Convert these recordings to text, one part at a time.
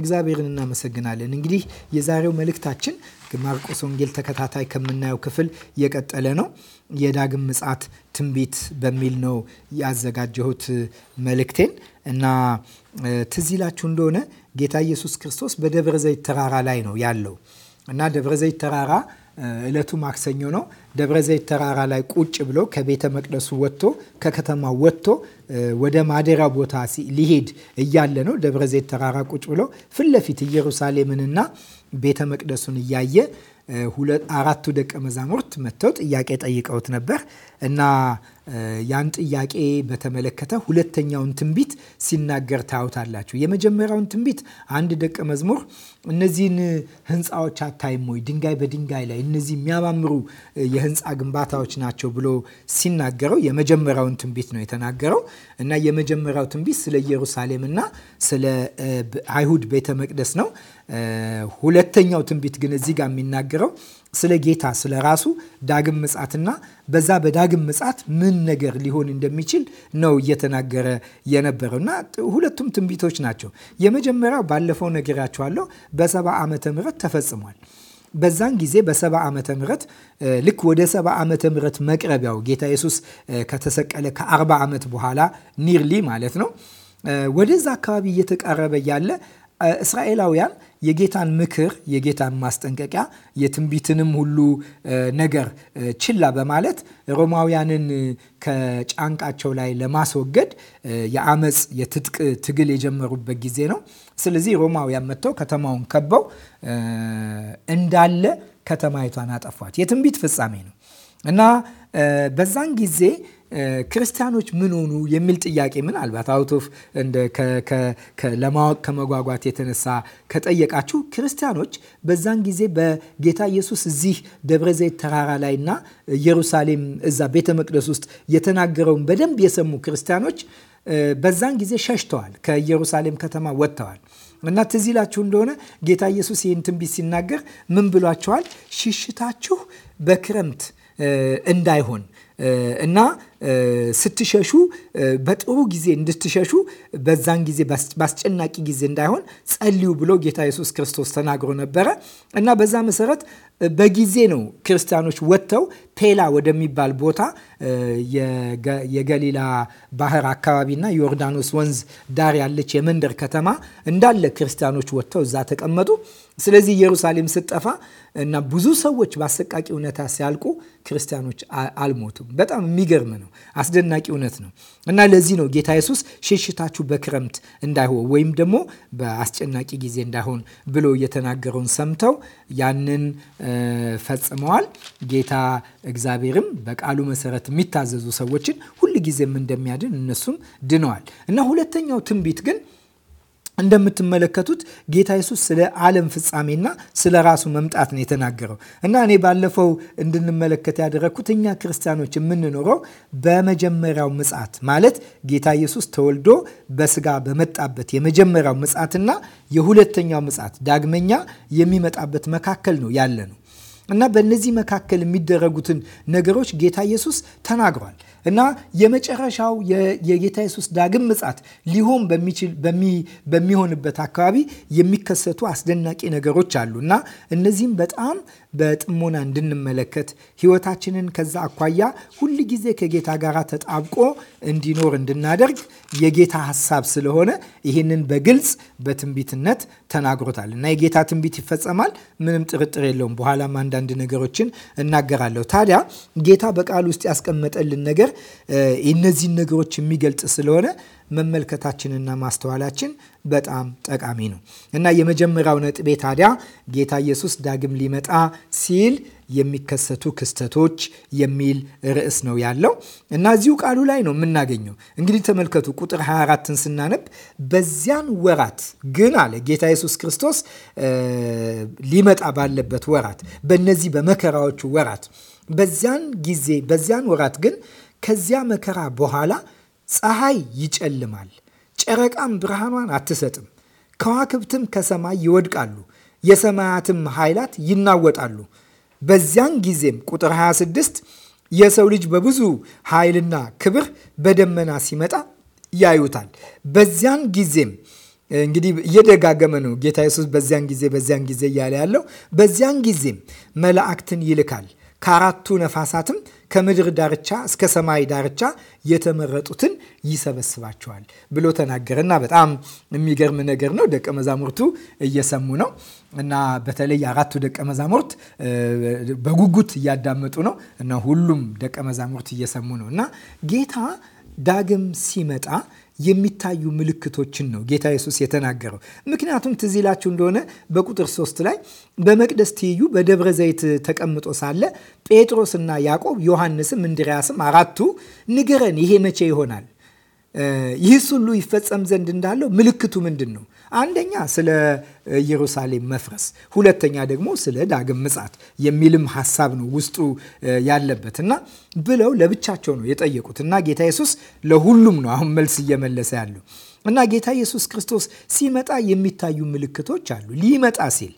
እግዚአብሔርን እናመሰግናለን። እንግዲህ የዛሬው መልእክታችን ማርቆስ ወንጌል ተከታታይ ከምናየው ክፍል የቀጠለ ነው። የዳግም ምጽአት ትንቢት በሚል ነው ያዘጋጀሁት መልእክቴን እና ትዝ ይላችሁ እንደሆነ ጌታ ኢየሱስ ክርስቶስ በደብረ ዘይት ተራራ ላይ ነው ያለው እና ደብረ ዘይት ተራራ እለቱ ማክሰኞ ነው። ደብረ ዘይት ተራራ ላይ ቁጭ ብሎ ከቤተ መቅደሱ ወጥቶ ከከተማው ወጥቶ ወደ ማደሪያ ቦታ ሊሄድ እያለ ነው። ደብረ ዘይት ተራራ ቁጭ ብሎ ፊት ለፊት ኢየሩሳሌምንና ቤተ መቅደሱን እያየ አራቱ ደቀ መዛሙርት መጥተው ጥያቄ ጠይቀውት ነበር እና ያን ጥያቄ በተመለከተ ሁለተኛውን ትንቢት ሲናገር ታዩታላችሁ። የመጀመሪያውን ትንቢት አንድ ደቀ መዝሙር እነዚህን ህንፃዎች አታይም ወይ? ድንጋይ በድንጋይ ላይ እነዚህ የሚያማምሩ የህንፃ ግንባታዎች ናቸው ብሎ ሲናገረው የመጀመሪያውን ትንቢት ነው የተናገረው እና የመጀመሪያው ትንቢት ስለ ኢየሩሳሌም እና ስለ አይሁድ ቤተ መቅደስ ነው። ሁለተኛው ትንቢት ግን እዚህ ጋር የሚናገረው ስለ ጌታ ስለ ራሱ ዳግም ምጻትና በዛ በዳግም ምጻት ምን ነገር ሊሆን እንደሚችል ነው እየተናገረ የነበረው እና ሁለቱም ትንቢቶች ናቸው። የመጀመሪያው ባለፈው ነግራችኋለሁ በሰባ ዓመተ ምህረት ተፈጽሟል። በዛን ጊዜ በሰባ ዓመተ ምህረት ልክ ወደ ሰባ ዓመተ ምህረት መቅረቢያው ጌታ ኢየሱስ ከተሰቀለ ከአርባ ዓመት በኋላ ኒርሊ ማለት ነው ወደዛ አካባቢ እየተቃረበ ያለ እስራኤላውያን የጌታን ምክር፣ የጌታን ማስጠንቀቂያ፣ የትንቢትንም ሁሉ ነገር ችላ በማለት ሮማውያንን ከጫንቃቸው ላይ ለማስወገድ የአመፅ የትጥቅ ትግል የጀመሩበት ጊዜ ነው። ስለዚህ ሮማውያን መጥተው ከተማውን ከበው እንዳለ ከተማይቷን አጠፏት። የትንቢት ፍጻሜ ነው እና በዛን ጊዜ ክርስቲያኖች ምን ሆኑ የሚል ጥያቄ ምናልባት አውቶፍ እንደ ለማወቅ ከመጓጓት የተነሳ ከጠየቃችሁ ክርስቲያኖች በዛን ጊዜ በጌታ ኢየሱስ እዚህ ደብረ ዘይት ተራራ ላይ እና ኢየሩሳሌም እዛ ቤተ መቅደስ ውስጥ የተናገረውን በደንብ የሰሙ ክርስቲያኖች በዛን ጊዜ ሸሽተዋል። ከኢየሩሳሌም ከተማ ወጥተዋል እና ትዝ ይላችሁ እንደሆነ ጌታ ኢየሱስ ይህን ትንቢት ሲናገር ምን ብሏቸዋል? ሽሽታችሁ በክረምት እንዳይሆን እና ስትሸሹ በጥሩ ጊዜ እንድትሸሹ በዛን ጊዜ በአስጨናቂ ጊዜ እንዳይሆን ጸልዩ ብሎ ጌታ ኢየሱስ ክርስቶስ ተናግሮ ነበረ እና በዛ መሰረት በጊዜ ነው ክርስቲያኖች ወጥተው ፔላ ወደሚባል ቦታ የገሊላ ባህር አካባቢና ዮርዳኖስ ወንዝ ዳር ያለች የመንደር ከተማ እንዳለ ክርስቲያኖች ወጥተው እዛ ተቀመጡ። ስለዚህ ኢየሩሳሌም ስትጠፋ እና ብዙ ሰዎች በአሰቃቂ እውነታ ሲያልቁ ክርስቲያኖች አልሞቱም። በጣም የሚገርም ነው። አስደናቂ እውነት ነው እና ለዚህ ነው ጌታ ኢየሱስ ሽሽታችሁ በክረምት እንዳይሆን ወይም ደግሞ በአስጨናቂ ጊዜ እንዳይሆን ብሎ የተናገረውን ሰምተው ያንን ፈጽመዋል። ጌታ እግዚአብሔርም በቃሉ መሰረት የሚታዘዙ ሰዎችን ጊዜም እንደሚያድን እነሱም ድነዋል እና ሁለተኛው ትንቢት ግን እንደምትመለከቱት ጌታ ኢየሱስ ስለ ዓለም ፍጻሜና ስለ ራሱ መምጣት ነው የተናገረው እና እኔ ባለፈው እንድንመለከት ያደረግኩት እኛ ክርስቲያኖች የምንኖረው በመጀመሪያው ምጽአት ማለት ጌታ ኢየሱስ ተወልዶ በስጋ በመጣበት የመጀመሪያው ምጽአትና የሁለተኛው ምጽአት ዳግመኛ የሚመጣበት መካከል ነው ያለ ነው እና በእነዚህ መካከል የሚደረጉትን ነገሮች ጌታ ኢየሱስ ተናግሯል። እና የመጨረሻው የጌታ የሱስ ዳግም ምጻት ሊሆን በሚችል በሚሆንበት አካባቢ የሚከሰቱ አስደናቂ ነገሮች አሉ እና እነዚህም በጣም በጥሞና እንድንመለከት ህይወታችንን ከዛ አኳያ ሁል ጊዜ ከጌታ ጋር ተጣብቆ እንዲኖር እንድናደርግ የጌታ ሀሳብ ስለሆነ ይህንን በግልጽ በትንቢትነት ተናግሮታል እና የጌታ ትንቢት ይፈጸማል፣ ምንም ጥርጥር የለውም። በኋላም አንዳንድ ነገሮችን እናገራለሁ። ታዲያ ጌታ በቃል ውስጥ ያስቀመጠልን ነገር እነዚህን ነገሮች የሚገልጽ ስለሆነ መመልከታችንና ማስተዋላችን በጣም ጠቃሚ ነው እና የመጀመሪያው ነጥቤ ታዲያ ጌታ ኢየሱስ ዳግም ሊመጣ ሲል የሚከሰቱ ክስተቶች የሚል ርዕስ ነው ያለው እና እዚሁ ቃሉ ላይ ነው የምናገኘው። እንግዲህ ተመልከቱ ቁጥር 24ን ስናነብ በዚያን ወራት ግን አለ ጌታ ኢየሱስ ክርስቶስ ሊመጣ ባለበት ወራት፣ በነዚህ በመከራዎቹ ወራት፣ በዚያን ጊዜ በዚያን ወራት ግን ከዚያ መከራ በኋላ ፀሐይ ይጨልማል፣ ጨረቃም ብርሃኗን አትሰጥም፣ ከዋክብትም ከሰማይ ይወድቃሉ፣ የሰማያትም ኃይላት ይናወጣሉ። በዚያን ጊዜም ቁጥር 26 የሰው ልጅ በብዙ ኃይልና ክብር በደመና ሲመጣ ያዩታል። በዚያን ጊዜም እንግዲህ እየደጋገመ ነው ጌታ ኢየሱስ በዚያን ጊዜ በዚያን ጊዜ እያለ ያለው። በዚያን ጊዜም መላእክትን ይልካል ከአራቱ ነፋሳትም ከምድር ዳርቻ እስከ ሰማይ ዳርቻ የተመረጡትን ይሰበስባቸዋል ብሎ ተናገረና በጣም የሚገርም ነገር ነው። ደቀ መዛሙርቱ እየሰሙ ነው እና በተለይ አራቱ ደቀ መዛሙርት በጉጉት እያዳመጡ ነው እና ሁሉም ደቀ መዛሙርት እየሰሙ ነው እና ጌታ ዳግም ሲመጣ የሚታዩ ምልክቶችን ነው ጌታ ኢየሱስ የተናገረው። ምክንያቱም ትዝ ይላችሁ እንደሆነ በቁጥር ሶስት ላይ በመቅደስ ትይዩ በደብረ ዘይት ተቀምጦ ሳለ ጴጥሮስና ያዕቆብ ዮሐንስም እንድሪያስም አራቱ ንገረን፣ ይሄ መቼ ይሆናል? ይህስ ሁሉ ይፈጸም ዘንድ እንዳለው ምልክቱ ምንድን ነው? አንደኛ ስለ ኢየሩሳሌም መፍረስ፣ ሁለተኛ ደግሞ ስለ ዳግም ምጻት የሚልም ሀሳብ ነው ውስጡ ያለበት እና ብለው ለብቻቸው ነው የጠየቁት እና ጌታ ኢየሱስ ለሁሉም ነው አሁን መልስ እየመለሰ ያሉ እና ጌታ ኢየሱስ ክርስቶስ ሲመጣ የሚታዩ ምልክቶች አሉ። ሊመጣ ሲል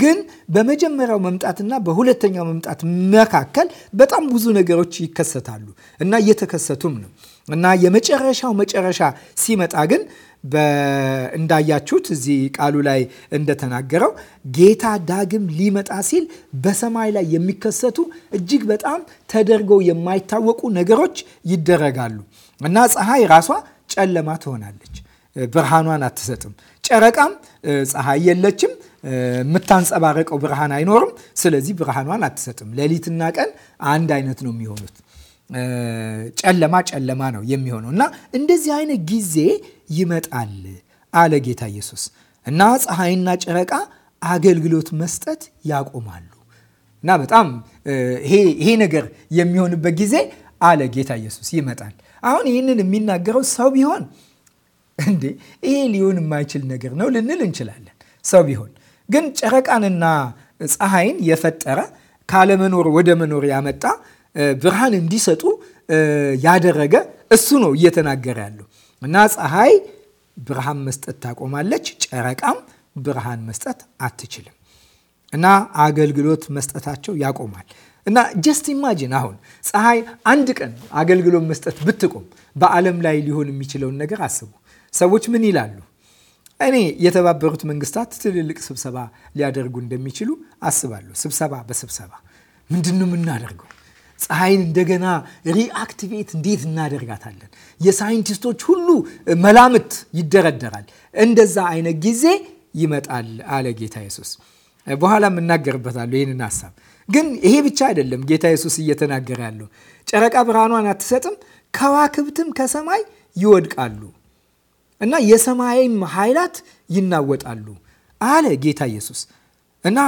ግን በመጀመሪያው መምጣትና በሁለተኛው መምጣት መካከል በጣም ብዙ ነገሮች ይከሰታሉ እና እየተከሰቱም ነው እና የመጨረሻው መጨረሻ ሲመጣ ግን እንዳያችሁት እዚህ ቃሉ ላይ እንደተናገረው ጌታ ዳግም ሊመጣ ሲል በሰማይ ላይ የሚከሰቱ እጅግ በጣም ተደርገው የማይታወቁ ነገሮች ይደረጋሉ እና ፀሐይ ራሷ ጨለማ ትሆናለች፣ ብርሃኗን አትሰጥም። ጨረቃም ፀሐይ የለችም፣ የምታንጸባረቀው ብርሃን አይኖርም። ስለዚህ ብርሃኗን አትሰጥም። ሌሊትና ቀን አንድ አይነት ነው የሚሆኑት። ጨለማ ጨለማ ነው የሚሆነው እና እንደዚህ አይነት ጊዜ ይመጣል አለ ጌታ ኢየሱስ እና ፀሐይና ጨረቃ አገልግሎት መስጠት ያቆማሉ እና በጣም ይሄ ነገር የሚሆንበት ጊዜ አለ ጌታ ኢየሱስ ይመጣል። አሁን ይህንን የሚናገረው ሰው ቢሆን እንዴ ይሄ ሊሆን የማይችል ነገር ነው ልንል እንችላለን። ሰው ቢሆን ግን ጨረቃንና ፀሐይን የፈጠረ ካለመኖር ወደ መኖር ያመጣ ብርሃን እንዲሰጡ ያደረገ እሱ ነው እየተናገረ ያለው እና ፀሐይ ብርሃን መስጠት ታቆማለች፣ ጨረቃም ብርሃን መስጠት አትችልም እና አገልግሎት መስጠታቸው ያቆማል። እና ጀስት ኢማጂን አሁን ፀሐይ አንድ ቀን አገልግሎት መስጠት ብትቆም በዓለም ላይ ሊሆን የሚችለውን ነገር አስቡ። ሰዎች ምን ይላሉ? እኔ የተባበሩት መንግስታት ትልልቅ ስብሰባ ሊያደርጉ እንደሚችሉ አስባለሁ። ስብሰባ በስብሰባ ምንድን ነው የምናደርገው? ፀሐይን እንደገና ሪአክቲቬት እንዴት እናደርጋታለን? የሳይንቲስቶች ሁሉ መላምት ይደረደራል። እንደዛ አይነት ጊዜ ይመጣል አለ ጌታ ኢየሱስ። በኋላ እናገርበታለሁ ይህንን ሀሳብ። ግን ይሄ ብቻ አይደለም ጌታ ኢየሱስ እየተናገረ ያለው። ጨረቃ ብርሃኗን አትሰጥም፣ ከዋክብትም ከሰማይ ይወድቃሉ እና የሰማይም ኃይላት ይናወጣሉ አለ ጌታ ኢየሱስ። እና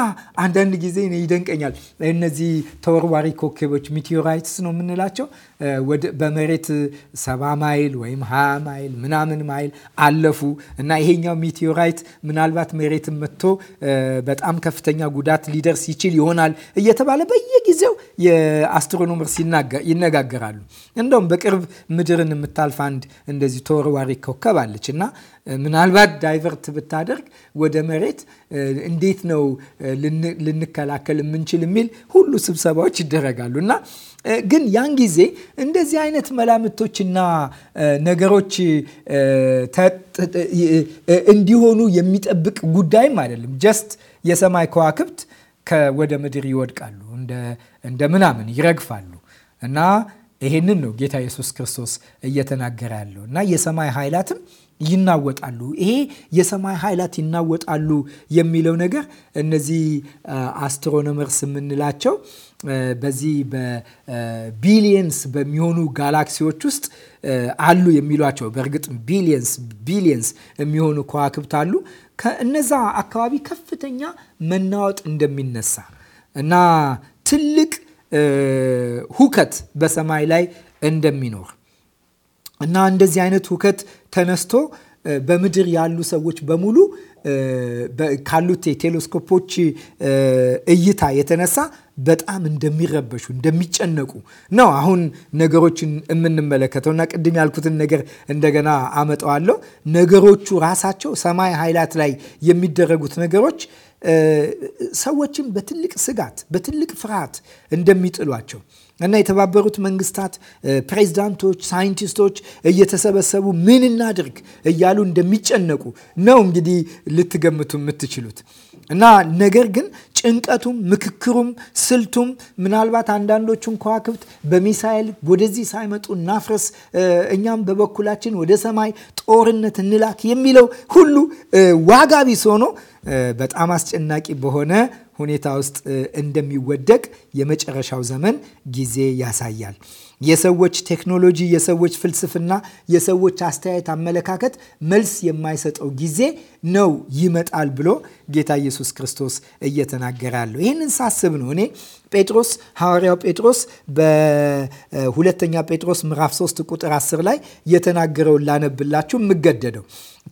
አንዳንድ ጊዜ ይደንቀኛል። እነዚህ ተወርዋሪ ኮከቦች ሚቴዮራይትስ ነው የምንላቸው በመሬት ሰባ ማይል ወይም ሀያ ማይል ምናምን ማይል አለፉ እና ይሄኛው ሚቴዮራይት ምናልባት መሬትን መጥቶ በጣም ከፍተኛ ጉዳት ሊደርስ ይችል ይሆናል እየተባለ በየጊዜው የአስትሮኖመር ይነጋገራሉ። እንደውም በቅርብ ምድርን የምታልፍ አንድ እንደዚህ ተወርዋሪ ኮከብ አለች እና ምናልባት ዳይቨርት ብታደርግ ወደ መሬት እንዴት ነው ልንከላከል የምንችል የሚል ሁሉ ስብሰባዎች ይደረጋሉ እና ግን ያን ጊዜ እንደዚህ አይነት መላምቶችና ነገሮች እንዲሆኑ የሚጠብቅ ጉዳይም አይደለም። ጀስት የሰማይ ከዋክብት ወደ ምድር ይወድቃሉ እንደ ምናምን ይረግፋሉ እና ይሄንን ነው ጌታ ኢየሱስ ክርስቶስ እየተናገረ ያለው እና የሰማይ ኃይላትም ይናወጣሉ። ይሄ የሰማይ ኃይላት ይናወጣሉ የሚለው ነገር እነዚህ አስትሮኖመርስ የምንላቸው በዚህ በቢሊየንስ በሚሆኑ ጋላክሲዎች ውስጥ አሉ የሚሏቸው በእርግጥ ቢሊየንስ ቢሊየንስ የሚሆኑ ከዋክብት አሉ። ከእነዛ አካባቢ ከፍተኛ መናወጥ እንደሚነሳ እና ትልቅ ሁከት በሰማይ ላይ እንደሚኖር እና እንደዚህ አይነት ሁከት ተነስቶ በምድር ያሉ ሰዎች በሙሉ ካሉት የቴሌስኮፖች እይታ የተነሳ በጣም እንደሚረበሹ እንደሚጨነቁ ነው አሁን ነገሮችን የምንመለከተው እና ቅድም ያልኩትን ነገር እንደገና አመጣዋለሁ። ነገሮቹ ራሳቸው ሰማይ ኃይላት ላይ የሚደረጉት ነገሮች ሰዎችን በትልቅ ስጋት፣ በትልቅ ፍርሃት እንደሚጥሏቸው እና የተባበሩት መንግስታት ፕሬዚዳንቶች፣ ሳይንቲስቶች እየተሰበሰቡ ምን እናድርግ እያሉ እንደሚጨነቁ ነው እንግዲህ ልትገምቱ የምትችሉት እና ነገር ግን ጭንቀቱም ምክክሩም ስልቱም ምናልባት አንዳንዶቹን ከዋክብት በሚሳኤል ወደዚህ ሳይመጡ እናፍረስ፣ እኛም በበኩላችን ወደ ሰማይ ጦርነት እንላክ የሚለው ሁሉ ዋጋ ቢስ ሆኖ በጣም አስጨናቂ በሆነ ሁኔታ ውስጥ እንደሚወደቅ የመጨረሻው ዘመን ጊዜ ያሳያል። የሰዎች ቴክኖሎጂ፣ የሰዎች ፍልስፍና፣ የሰዎች አስተያየት፣ አመለካከት መልስ የማይሰጠው ጊዜ ነው ይመጣል ብሎ ጌታ ኢየሱስ ክርስቶስ እየተናገረ ያለው። ይህንን ሳስብ ነው እኔ ጴጥሮስ ሐዋርያው ጴጥሮስ በሁለተኛ ጴጥሮስ ምዕራፍ 3 ቁጥር 10 ላይ የተናገረውን ላነብላችሁ የምገደደው።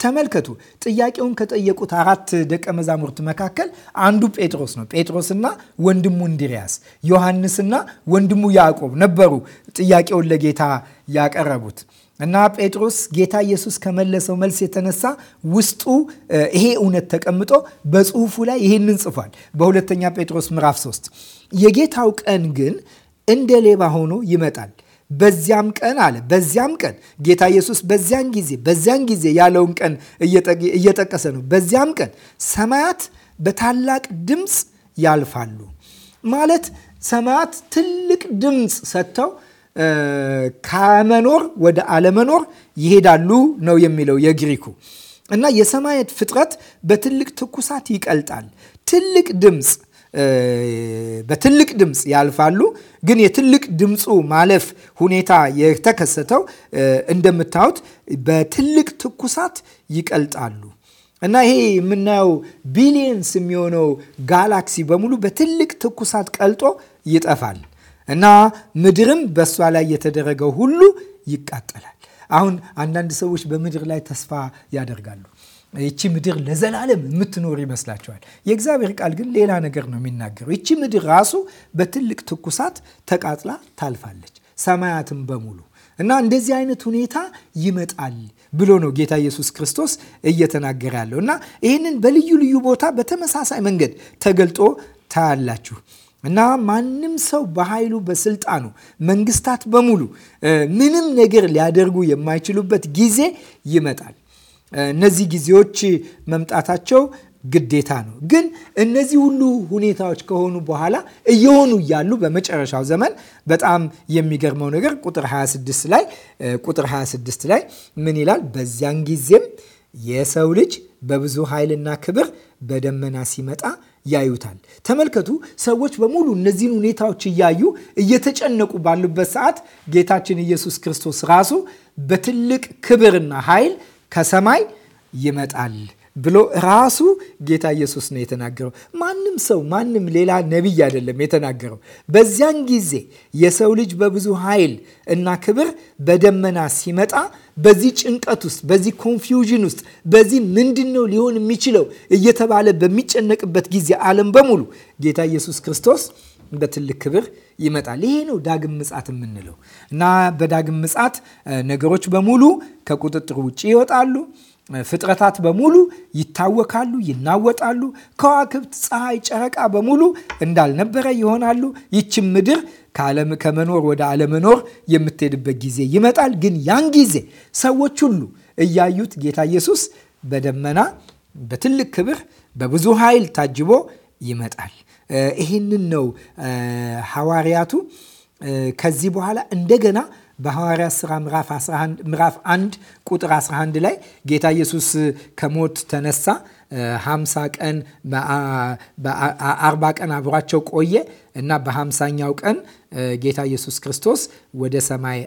ተመልከቱ። ጥያቄውን ከጠየቁት አራት ደቀ መዛሙርት መካከል አንዱ ጴጥሮስ ነው። ጴጥሮስና ወንድሙ እንድሪያስ፣ ዮሐንስና ወንድሙ ያዕቆብ ነበሩ ጥያቄውን ለጌታ ያቀረቡት እና ጴጥሮስ ጌታ ኢየሱስ ከመለሰው መልስ የተነሳ ውስጡ ይሄ እውነት ተቀምጦ በጽሁፉ ላይ ይህንን ጽፏል። በሁለተኛ ጴጥሮስ ምዕራፍ 3 የጌታው ቀን ግን እንደ ሌባ ሆኖ ይመጣል። በዚያም ቀን አለ። በዚያም ቀን ጌታ ኢየሱስ በዚያን ጊዜ በዚያን ጊዜ ያለውን ቀን እየጠቀሰ ነው። በዚያም ቀን ሰማያት በታላቅ ድምፅ ያልፋሉ ማለት ሰማያት ትልቅ ድምፅ ሰጥተው ከመኖር ወደ አለመኖር ይሄዳሉ ነው የሚለው የግሪኩ እና የሰማያት ፍጥረት በትልቅ ትኩሳት ይቀልጣል። ትልቅ ድምፅ በትልቅ ድምፅ ያልፋሉ። ግን የትልቅ ድምፁ ማለፍ ሁኔታ የተከሰተው እንደምታዩት በትልቅ ትኩሳት ይቀልጣሉ እና ይሄ የምናየው ቢሊየንስ የሚሆነው ጋላክሲ በሙሉ በትልቅ ትኩሳት ቀልጦ ይጠፋል። እና ምድርም በእሷ ላይ የተደረገው ሁሉ ይቃጠላል። አሁን አንዳንድ ሰዎች በምድር ላይ ተስፋ ያደርጋሉ። ይቺ ምድር ለዘላለም የምትኖር ይመስላቸዋል። የእግዚአብሔር ቃል ግን ሌላ ነገር ነው የሚናገረው። ይቺ ምድር ራሱ በትልቅ ትኩሳት ተቃጥላ ታልፋለች፣ ሰማያትም በሙሉ እና እንደዚህ አይነት ሁኔታ ይመጣል ብሎ ነው ጌታ ኢየሱስ ክርስቶስ እየተናገረ ያለው እና ይህንን በልዩ ልዩ ቦታ በተመሳሳይ መንገድ ተገልጦ ታያላችሁ። እና ማንም ሰው በኃይሉ በስልጣኑ መንግስታት በሙሉ ምንም ነገር ሊያደርጉ የማይችሉበት ጊዜ ይመጣል። እነዚህ ጊዜዎች መምጣታቸው ግዴታ ነው። ግን እነዚህ ሁሉ ሁኔታዎች ከሆኑ በኋላ እየሆኑ እያሉ በመጨረሻው ዘመን በጣም የሚገርመው ነገር ቁጥር 26 ላይ ቁጥር 26 ላይ ምን ይላል? በዚያን ጊዜም የሰው ልጅ በብዙ ኃይልና ክብር በደመና ሲመጣ ያዩታል። ተመልከቱ፣ ሰዎች በሙሉ እነዚህን ሁኔታዎች እያዩ እየተጨነቁ ባሉበት ሰዓት ጌታችን ኢየሱስ ክርስቶስ ራሱ በትልቅ ክብርና ኃይል ከሰማይ ይመጣል ብሎ ራሱ ጌታ ኢየሱስ ነው የተናገረው። ማንም ሰው ማንም ሌላ ነቢይ አይደለም የተናገረው። በዚያን ጊዜ የሰው ልጅ በብዙ ኃይል እና ክብር በደመና ሲመጣ በዚህ ጭንቀት ውስጥ፣ በዚህ ኮንፊውዥን ውስጥ፣ በዚህ ምንድን ነው ሊሆን የሚችለው እየተባለ በሚጨነቅበት ጊዜ ዓለም በሙሉ ጌታ ኢየሱስ ክርስቶስ በትልቅ ክብር ይመጣል። ይሄ ነው ዳግም ምጻት የምንለው እና በዳግም ምጻት ነገሮች በሙሉ ከቁጥጥር ውጭ ይወጣሉ። ፍጥረታት በሙሉ ይታወካሉ፣ ይናወጣሉ። ከዋክብት፣ ፀሐይ፣ ጨረቃ በሙሉ እንዳልነበረ ይሆናሉ። ይችም ምድር ከዓለም ከመኖር ወደ አለመኖር የምትሄድበት ጊዜ ይመጣል። ግን ያን ጊዜ ሰዎች ሁሉ እያዩት ጌታ ኢየሱስ በደመና በትልቅ ክብር በብዙ ኃይል ታጅቦ ይመጣል። ይህንን ነው ሐዋርያቱ ከዚህ በኋላ እንደገና በሐዋርያት ሥራ ምዕራፍ 1 ቁጥር 11 ላይ ጌታ ኢየሱስ ከሞት ተነሳ ሀምሳ ቀን አርባ ቀን አብሯቸው ቆየ እና በሀምሳኛው ቀን ጌታ ኢየሱስ ክርስቶስ ወደ ሰማይ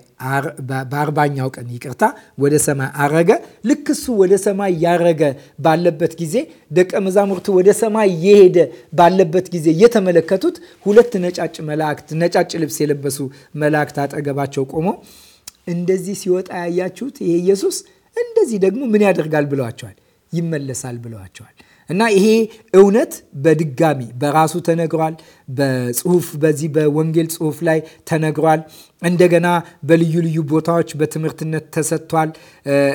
በአርባኛው ቀን ይቅርታ ወደ ሰማይ አረገ። ልክ እሱ ወደ ሰማይ ያረገ ባለበት ጊዜ ደቀ መዛሙርቱ ወደ ሰማይ የሄደ ባለበት ጊዜ የተመለከቱት ሁለት ነጫጭ መላእክት ነጫጭ ልብስ የለበሱ መላእክት አጠገባቸው ቆመው እንደዚህ ሲወጣ ያያችሁት ይሄ ኢየሱስ እንደዚህ ደግሞ ምን ያደርጋል ብለዋቸዋል። ይመለሳል ብለዋቸዋል። እና ይሄ እውነት በድጋሚ በራሱ ተነግሯል። በጽሁፍ በዚህ በወንጌል ጽሁፍ ላይ ተነግሯል። እንደገና በልዩ ልዩ ቦታዎች በትምህርትነት ተሰጥቷል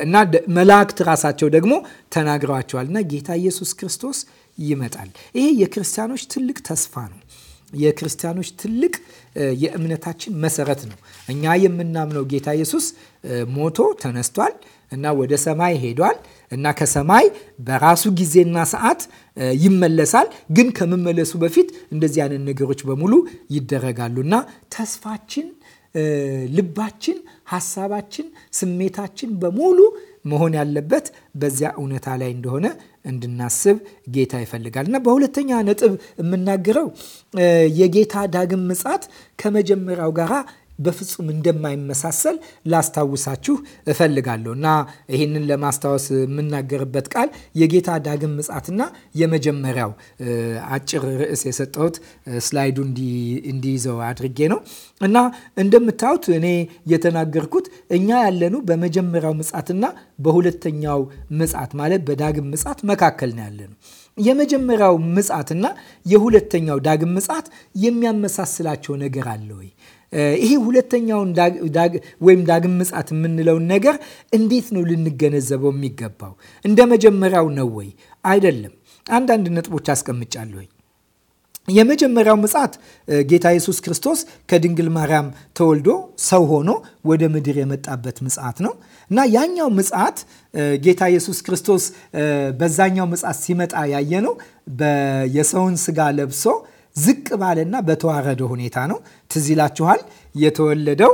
እና መላእክት ራሳቸው ደግሞ ተናግረዋቸዋል። እና ጌታ ኢየሱስ ክርስቶስ ይመጣል። ይሄ የክርስቲያኖች ትልቅ ተስፋ ነው። የክርስቲያኖች ትልቅ የእምነታችን መሰረት ነው። እኛ የምናምነው ጌታ ኢየሱስ ሞቶ ተነስቷል እና ወደ ሰማይ ሄዷል እና ከሰማይ በራሱ ጊዜና ሰዓት ይመለሳል። ግን ከመመለሱ በፊት እንደዚህ አይነት ነገሮች በሙሉ ይደረጋሉ እና ተስፋችን፣ ልባችን፣ ሀሳባችን፣ ስሜታችን በሙሉ መሆን ያለበት በዚያ እውነታ ላይ እንደሆነ እንድናስብ ጌታ ይፈልጋል እና በሁለተኛ ነጥብ የምናገረው የጌታ ዳግም ምጻት ከመጀመሪያው ጋራ በፍጹም እንደማይመሳሰል ላስታውሳችሁ እፈልጋለሁ እና ይህንን ለማስታወስ የምናገርበት ቃል የጌታ ዳግም ምጻትና የመጀመሪያው አጭር ርዕስ የሰጠሁት ስላይዱ እንዲይዘው አድርጌ ነው እና እንደምታዩት እኔ የተናገርኩት እኛ ያለኑ በመጀመሪያው ምጻትና በሁለተኛው ምጻት ማለት በዳግም ምጻት መካከል ነው ያለኑ። የመጀመሪያው ምጻትና የሁለተኛው ዳግም ምጻት የሚያመሳስላቸው ነገር አለ ወይ? ይሄ ሁለተኛውን ወይም ዳግም ምጻት የምንለውን ነገር እንዴት ነው ልንገነዘበው የሚገባው? እንደ መጀመሪያው ነው ወይ? አይደለም። አንዳንድ ነጥቦች አስቀምጫለሁኝ። የመጀመሪያው ምጻት ጌታ ኢየሱስ ክርስቶስ ከድንግል ማርያም ተወልዶ ሰው ሆኖ ወደ ምድር የመጣበት ምጻት ነው እና ያኛው ምጻት ጌታ ኢየሱስ ክርስቶስ በዛኛው ምጻት ሲመጣ ያየ ነው የሰውን ስጋ ለብሶ ዝቅ ባለና በተዋረደ ሁኔታ ነው። ትዝ ይላችኋል የተወለደው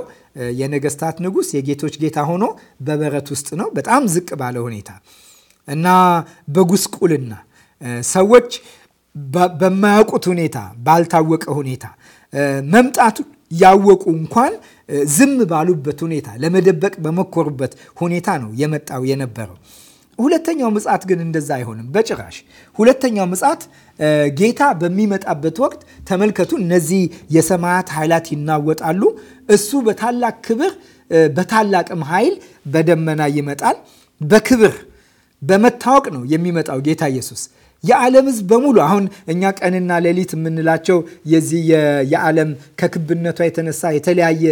የነገስታት ንጉስ የጌቶች ጌታ ሆኖ በበረት ውስጥ ነው። በጣም ዝቅ ባለ ሁኔታ እና በጉስቁልና ሰዎች በማያውቁት ሁኔታ ባልታወቀ ሁኔታ መምጣቱ ያወቁ እንኳን ዝም ባሉበት ሁኔታ ለመደበቅ በመኮሩበት ሁኔታ ነው የመጣው የነበረው። ሁለተኛው ምጽአት ግን እንደዛ አይሆንም በጭራሽ። ሁለተኛው ምጽአት ጌታ በሚመጣበት ወቅት ተመልከቱ፣ እነዚህ የሰማያት ኃይላት ይናወጣሉ። እሱ በታላቅ ክብር በታላቅም ኃይል በደመና ይመጣል። በክብር በመታወቅ ነው የሚመጣው ጌታ ኢየሱስ የዓለም ህዝብ በሙሉ አሁን እኛ ቀንና ሌሊት የምንላቸው የዚህ የዓለም ከክብነቷ የተነሳ የተለያየ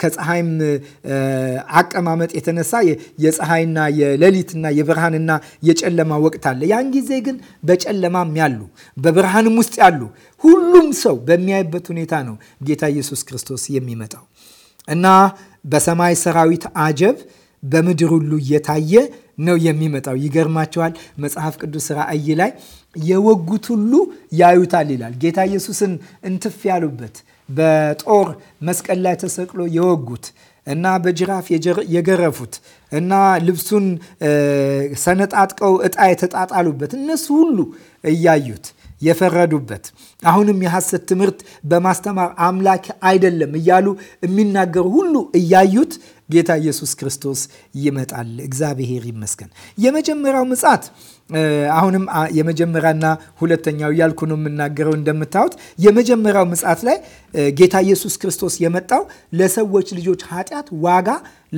ከፀሐይም አቀማመጥ የተነሳ የፀሐይና የሌሊትና የብርሃንና የጨለማ ወቅት አለ። ያን ጊዜ ግን በጨለማም ያሉ በብርሃንም ውስጥ ያሉ ሁሉም ሰው በሚያይበት ሁኔታ ነው ጌታ ኢየሱስ ክርስቶስ የሚመጣው እና በሰማይ ሰራዊት አጀብ በምድር ሁሉ እየታየ ነው የሚመጣው። ይገርማቸዋል። መጽሐፍ ቅዱስ ራእይ ላይ የወጉት ሁሉ ያዩታል ይላል። ጌታ ኢየሱስን እንትፍ ያሉበት በጦር መስቀል ላይ ተሰቅሎ የወጉት እና በጅራፍ የገረፉት እና ልብሱን ሰነጣጥቀው እጣ የተጣጣሉበት እነሱ ሁሉ እያዩት የፈረዱበት አሁንም የሐሰት ትምህርት በማስተማር አምላክ አይደለም እያሉ የሚናገሩ ሁሉ እያዩት ጌታ ኢየሱስ ክርስቶስ ይመጣል። እግዚአብሔር ይመስገን። የመጀመሪያው ምጻት አሁንም የመጀመሪያና ሁለተኛው እያልኩ ነው የምናገረው። እንደምታዩት የመጀመሪያው ምጻት ላይ ጌታ ኢየሱስ ክርስቶስ የመጣው ለሰዎች ልጆች ኃጢአት ዋጋ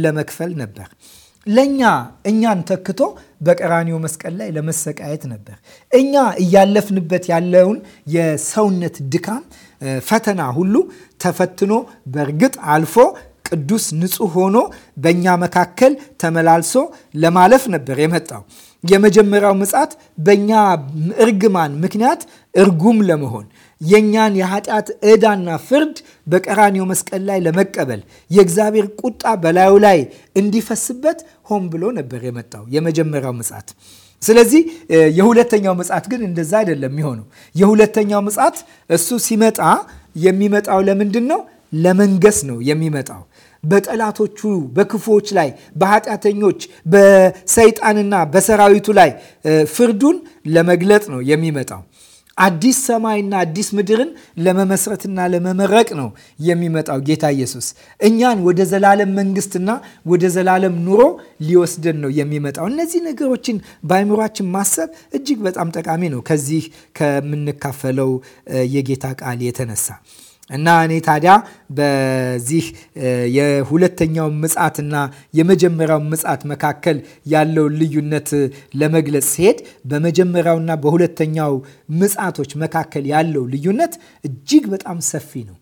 ለመክፈል ነበር። ለእኛ እኛን ተክቶ በቀራኒው መስቀል ላይ ለመሰቃየት ነበር። እኛ እያለፍንበት ያለውን የሰውነት ድካም ፈተና ሁሉ ተፈትኖ በእርግጥ አልፎ ቅዱስ ንጹሕ ሆኖ በእኛ መካከል ተመላልሶ ለማለፍ ነበር የመጣው። የመጀመሪያው ምጻት በእኛ እርግማን ምክንያት እርጉም ለመሆን የእኛን የኃጢአት ዕዳና ፍርድ በቀራኒው መስቀል ላይ ለመቀበል የእግዚአብሔር ቁጣ በላዩ ላይ እንዲፈስበት ሆን ብሎ ነበር የመጣው የመጀመሪያው ምጽአት። ስለዚህ የሁለተኛው ምጽአት ግን እንደዛ አይደለም የሚሆነው። የሁለተኛው ምጽአት እሱ ሲመጣ የሚመጣው ለምንድን ነው? ለመንገስ ነው የሚመጣው በጠላቶቹ በክፉዎች ላይ በኃጢአተኞች በሰይጣንና በሰራዊቱ ላይ ፍርዱን ለመግለጥ ነው የሚመጣው። አዲስ ሰማይና አዲስ ምድርን ለመመስረትና ለመመረቅ ነው የሚመጣው ጌታ ኢየሱስ። እኛን ወደ ዘላለም መንግስትና ወደ ዘላለም ኑሮ ሊወስደን ነው የሚመጣው። እነዚህ ነገሮችን በአይምሯችን ማሰብ እጅግ በጣም ጠቃሚ ነው ከዚህ ከምንካፈለው የጌታ ቃል የተነሳ እና እኔ ታዲያ በዚህ የሁለተኛው ምጻትና የመጀመሪያው ምጻት መካከል ያለውን ልዩነት ለመግለጽ ሲሄድ በመጀመሪያውና በሁለተኛው ምጻቶች መካከል ያለው ልዩነት እጅግ በጣም ሰፊ ነው።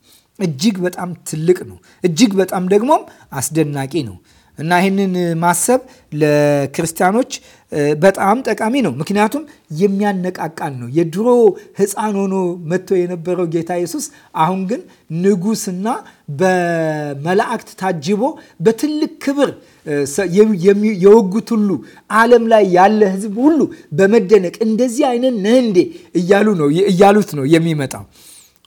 እጅግ በጣም ትልቅ ነው። እጅግ በጣም ደግሞም አስደናቂ ነው። እና ይህንን ማሰብ ለክርስቲያኖች በጣም ጠቃሚ ነው። ምክንያቱም የሚያነቃቃን ነው። የድሮ ሕፃን ሆኖ መጥቶ የነበረው ጌታ ኢየሱስ አሁን ግን ንጉስና በመላእክት ታጅቦ በትልቅ ክብር የወጉት ሁሉ ዓለም ላይ ያለ ህዝብ ሁሉ በመደነቅ እንደዚህ አይነት ነህ እንዴ እያሉ ነው እያሉት ነው የሚመጣው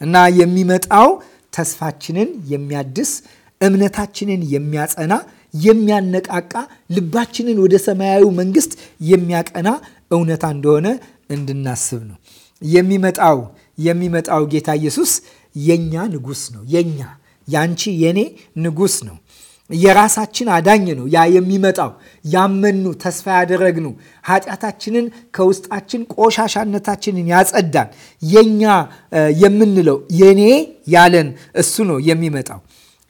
እና የሚመጣው ተስፋችንን የሚያድስ እምነታችንን የሚያጸና የሚያነቃቃ ልባችንን ወደ ሰማያዊ መንግስት የሚያቀና እውነታ እንደሆነ እንድናስብ ነው። የሚመጣው የሚመጣው ጌታ ኢየሱስ የኛ ንጉስ ነው። የኛ ያንቺ የኔ ንጉስ ነው። የራሳችን አዳኝ ነው። ያ የሚመጣው ያመኑ ተስፋ ያደረግኑ ኃጢአታችንን ከውስጣችን ቆሻሻነታችንን ያጸዳን የኛ የምንለው የኔ ያለን እሱ ነው የሚመጣው።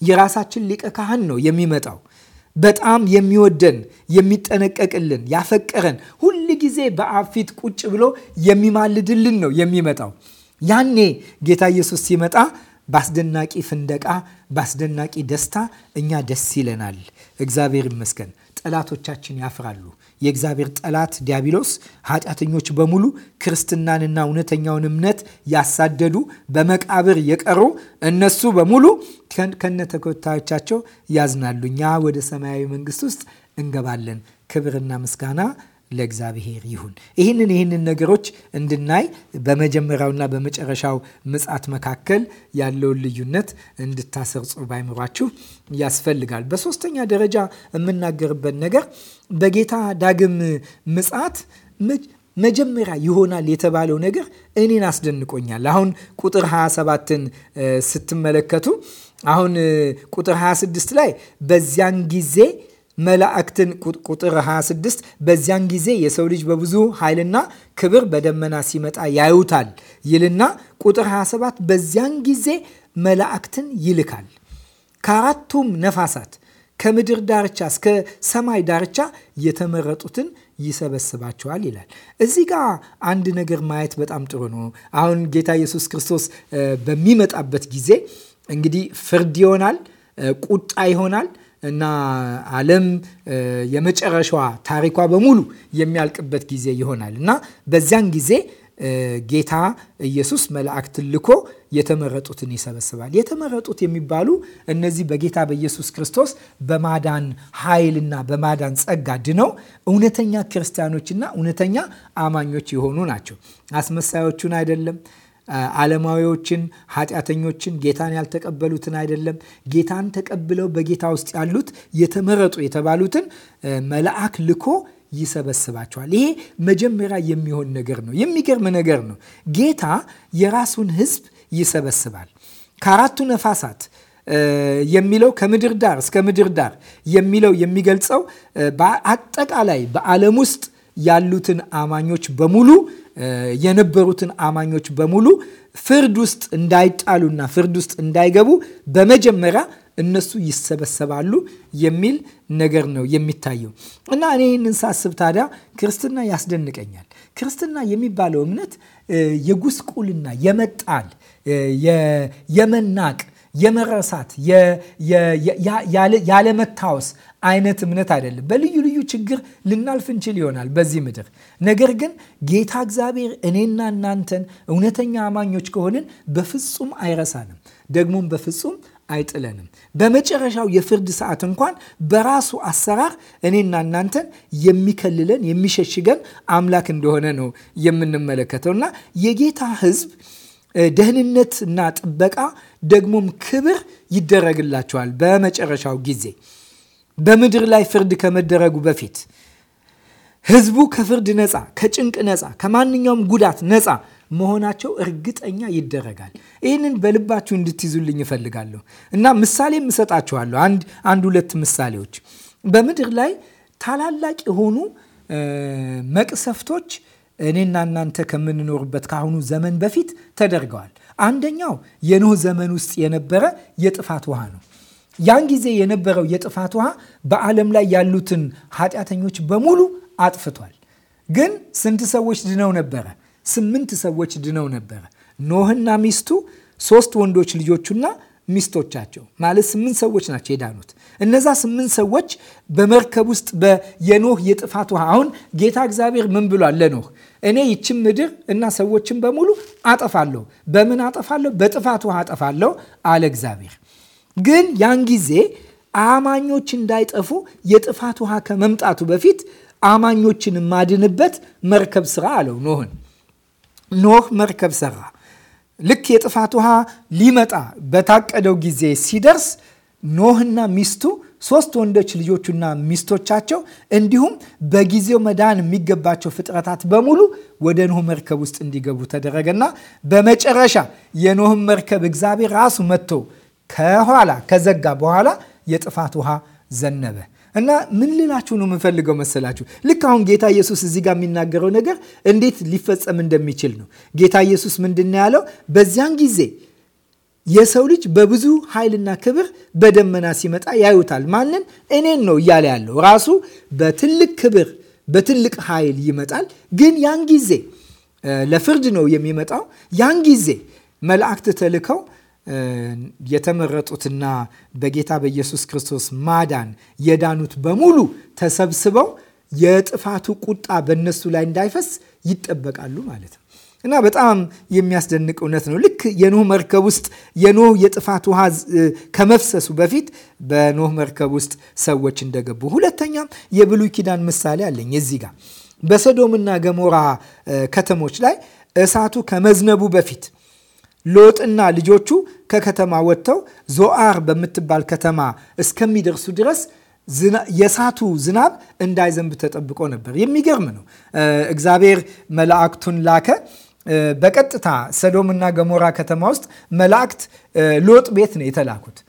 የራሳችን ሊቀ ካህን ነው የሚመጣው በጣም የሚወደን የሚጠነቀቅልን ያፈቀረን ሁል ጊዜ በአብ ፊት ቁጭ ብሎ የሚማልድልን ነው የሚመጣው። ያኔ ጌታ ኢየሱስ ሲመጣ በአስደናቂ ፍንደቃ፣ በአስደናቂ ደስታ እኛ ደስ ይለናል። እግዚአብሔር ይመስገን። ጠላቶቻችን ያፍራሉ። የእግዚአብሔር ጠላት ዲያብሎስ ኃጢአተኞች በሙሉ ክርስትናንና እውነተኛውን እምነት ያሳደዱ በመቃብር የቀሩ እነሱ በሙሉ ከነ ተከታዮቻቸው ያዝናሉ። እኛ ወደ ሰማያዊ መንግስት ውስጥ እንገባለን። ክብርና ምስጋና ለእግዚአብሔር ይሁን። ይህንን ይህንን ነገሮች እንድናይ በመጀመሪያውና በመጨረሻው ምጽአት መካከል ያለውን ልዩነት እንድታሰርጹ ባይምሯችሁ ያስፈልጋል። በሶስተኛ ደረጃ የምናገርበት ነገር በጌታ ዳግም ምጽአት መጀመሪያ ይሆናል የተባለው ነገር እኔን አስደንቆኛል። አሁን ቁጥር 27ን ስትመለከቱ አሁን ቁጥር 26 ላይ በዚያን ጊዜ መላእክትን ቁጥር 26 በዚያን ጊዜ የሰው ልጅ በብዙ ኃይልና ክብር በደመና ሲመጣ ያዩታል ይልና ቁጥር 27 በዚያን ጊዜ መላእክትን ይልካል ከአራቱም ነፋሳት ከምድር ዳርቻ እስከ ሰማይ ዳርቻ የተመረጡትን ይሰበስባቸዋል ይላል። እዚህ ጋ አንድ ነገር ማየት በጣም ጥሩ ነው። አሁን ጌታ ኢየሱስ ክርስቶስ በሚመጣበት ጊዜ እንግዲህ ፍርድ ይሆናል፣ ቁጣ ይሆናል፣ እና ዓለም የመጨረሻዋ ታሪኳ በሙሉ የሚያልቅበት ጊዜ ይሆናል እና በዚያን ጊዜ ጌታ ኢየሱስ መላእክት ልኮ የተመረጡትን ይሰበስባል። የተመረጡት የሚባሉ እነዚህ በጌታ በኢየሱስ ክርስቶስ በማዳን ኃይልና በማዳን ጸጋ ድነው እውነተኛ ክርስቲያኖችና እውነተኛ አማኞች የሆኑ ናቸው። አስመሳዮቹን አይደለም፣ ዓለማዊዎችን፣ ኃጢአተኞችን፣ ጌታን ያልተቀበሉትን አይደለም ጌታን ተቀብለው በጌታ ውስጥ ያሉት የተመረጡ የተባሉትን መልአክ ልኮ ይሰበስባቸዋል። ይሄ መጀመሪያ የሚሆን ነገር ነው። የሚገርም ነገር ነው። ጌታ የራሱን ሕዝብ ይሰበስባል ከአራቱ ነፋሳት የሚለው ከምድር ዳር እስከ ምድር ዳር የሚለው የሚገልጸው በአጠቃላይ በዓለም ውስጥ ያሉትን አማኞች በሙሉ የነበሩትን አማኞች በሙሉ ፍርድ ውስጥ እንዳይጣሉና ፍርድ ውስጥ እንዳይገቡ በመጀመሪያ እነሱ ይሰበሰባሉ የሚል ነገር ነው የሚታየው። እና እኔ ይህንን ሳስብ ታዲያ ክርስትና ያስደንቀኛል። ክርስትና የሚባለው እምነት የጉስቁልና፣ የመጣል፣ የመናቅ፣ የመረሳት፣ ያለመታወስ አይነት እምነት አይደለም። በልዩ ልዩ ችግር ልናልፍ እንችል ይሆናል በዚህ ምድር። ነገር ግን ጌታ እግዚአብሔር እኔና እናንተን እውነተኛ አማኞች ከሆንን በፍጹም አይረሳንም፣ ደግሞም በፍጹም አይጥለንም። በመጨረሻው የፍርድ ሰዓት እንኳን በራሱ አሰራር እኔና እናንተን የሚከልለን የሚሸሽገን አምላክ እንደሆነ ነው የምንመለከተው እና የጌታ ሕዝብ ደህንነትና ጥበቃ ደግሞም ክብር ይደረግላቸዋል በመጨረሻው ጊዜ በምድር ላይ ፍርድ ከመደረጉ በፊት ህዝቡ ከፍርድ ነፃ፣ ከጭንቅ ነፃ፣ ከማንኛውም ጉዳት ነፃ መሆናቸው እርግጠኛ ይደረጋል። ይህንን በልባችሁ እንድትይዙልኝ እፈልጋለሁ እና ምሳሌም እሰጣችኋለሁ። አንድ ሁለት ምሳሌዎች በምድር ላይ ታላላቅ የሆኑ መቅሰፍቶች እኔና እናንተ ከምንኖርበት ከአሁኑ ዘመን በፊት ተደርገዋል። አንደኛው የኖህ ዘመን ውስጥ የነበረ የጥፋት ውሃ ነው። ያን ጊዜ የነበረው የጥፋት ውሃ በዓለም ላይ ያሉትን ኃጢአተኞች በሙሉ አጥፍቷል። ግን ስንት ሰዎች ድነው ነበረ? ስምንት ሰዎች ድነው ነበረ። ኖህና ሚስቱ፣ ሶስት ወንዶች ልጆቹና ሚስቶቻቸው ማለት ስምንት ሰዎች ናቸው የዳኑት። እነዛ ስምንት ሰዎች በመርከብ ውስጥ የኖህ የጥፋት ውሃ አሁን ጌታ እግዚአብሔር ምን ብሏል ለኖህ? እኔ ይችን ምድር እና ሰዎችን በሙሉ አጠፋለሁ። በምን አጠፋለሁ? በጥፋት ውሃ አጠፋለሁ አለ እግዚአብሔር። ግን ያን ጊዜ አማኞች እንዳይጠፉ የጥፋት ውሃ ከመምጣቱ በፊት አማኞችን የማድንበት መርከብ ስራ አለው ኖህን። ኖህ መርከብ ሰራ። ልክ የጥፋት ውሃ ሊመጣ በታቀደው ጊዜ ሲደርስ ኖህና ሚስቱ ሶስት ወንዶች ልጆቹና ሚስቶቻቸው እንዲሁም በጊዜው መዳን የሚገባቸው ፍጥረታት በሙሉ ወደ ኖህ መርከብ ውስጥ እንዲገቡ ተደረገና በመጨረሻ የኖህን መርከብ እግዚአብሔር ራሱ መጥቶ ከኋላ ከዘጋ በኋላ የጥፋት ውሃ ዘነበ። እና ምን ልላችሁ ነው የምንፈልገው መሰላችሁ? ልክ አሁን ጌታ ኢየሱስ እዚህ ጋር የሚናገረው ነገር እንዴት ሊፈጸም እንደሚችል ነው። ጌታ ኢየሱስ ምንድን ያለው? በዚያን ጊዜ የሰው ልጅ በብዙ ኃይልና ክብር በደመና ሲመጣ ያዩታል። ማንን? እኔን ነው እያለ ያለው ራሱ። በትልቅ ክብር በትልቅ ኃይል ይመጣል። ግን ያን ጊዜ ለፍርድ ነው የሚመጣው። ያን ጊዜ መላእክት ተልከው የተመረጡትና በጌታ በኢየሱስ ክርስቶስ ማዳን የዳኑት በሙሉ ተሰብስበው የጥፋቱ ቁጣ በእነሱ ላይ እንዳይፈስ ይጠበቃሉ ማለት ነው። እና በጣም የሚያስደንቅ እውነት ነው። ልክ የኖህ መርከብ ውስጥ የኖህ የጥፋት ውሃ ከመፍሰሱ በፊት በኖህ መርከብ ውስጥ ሰዎች እንደገቡ፣ ሁለተኛም የብሉይ ኪዳን ምሳሌ አለኝ እዚህ ጋር በሰዶምና ገሞራ ከተሞች ላይ እሳቱ ከመዝነቡ በፊት ሎጥና ልጆቹ ከከተማ ወጥተው ዞአር በምትባል ከተማ እስከሚደርሱ ድረስ የሳቱ ዝናብ እንዳይዘንብ ተጠብቆ ነበር። የሚገርም ነው። እግዚአብሔር መላእክቱን ላከ። በቀጥታ ሰዶምና ገሞራ ከተማ ውስጥ መላእክት ሎጥ ቤት ነው የተላኩት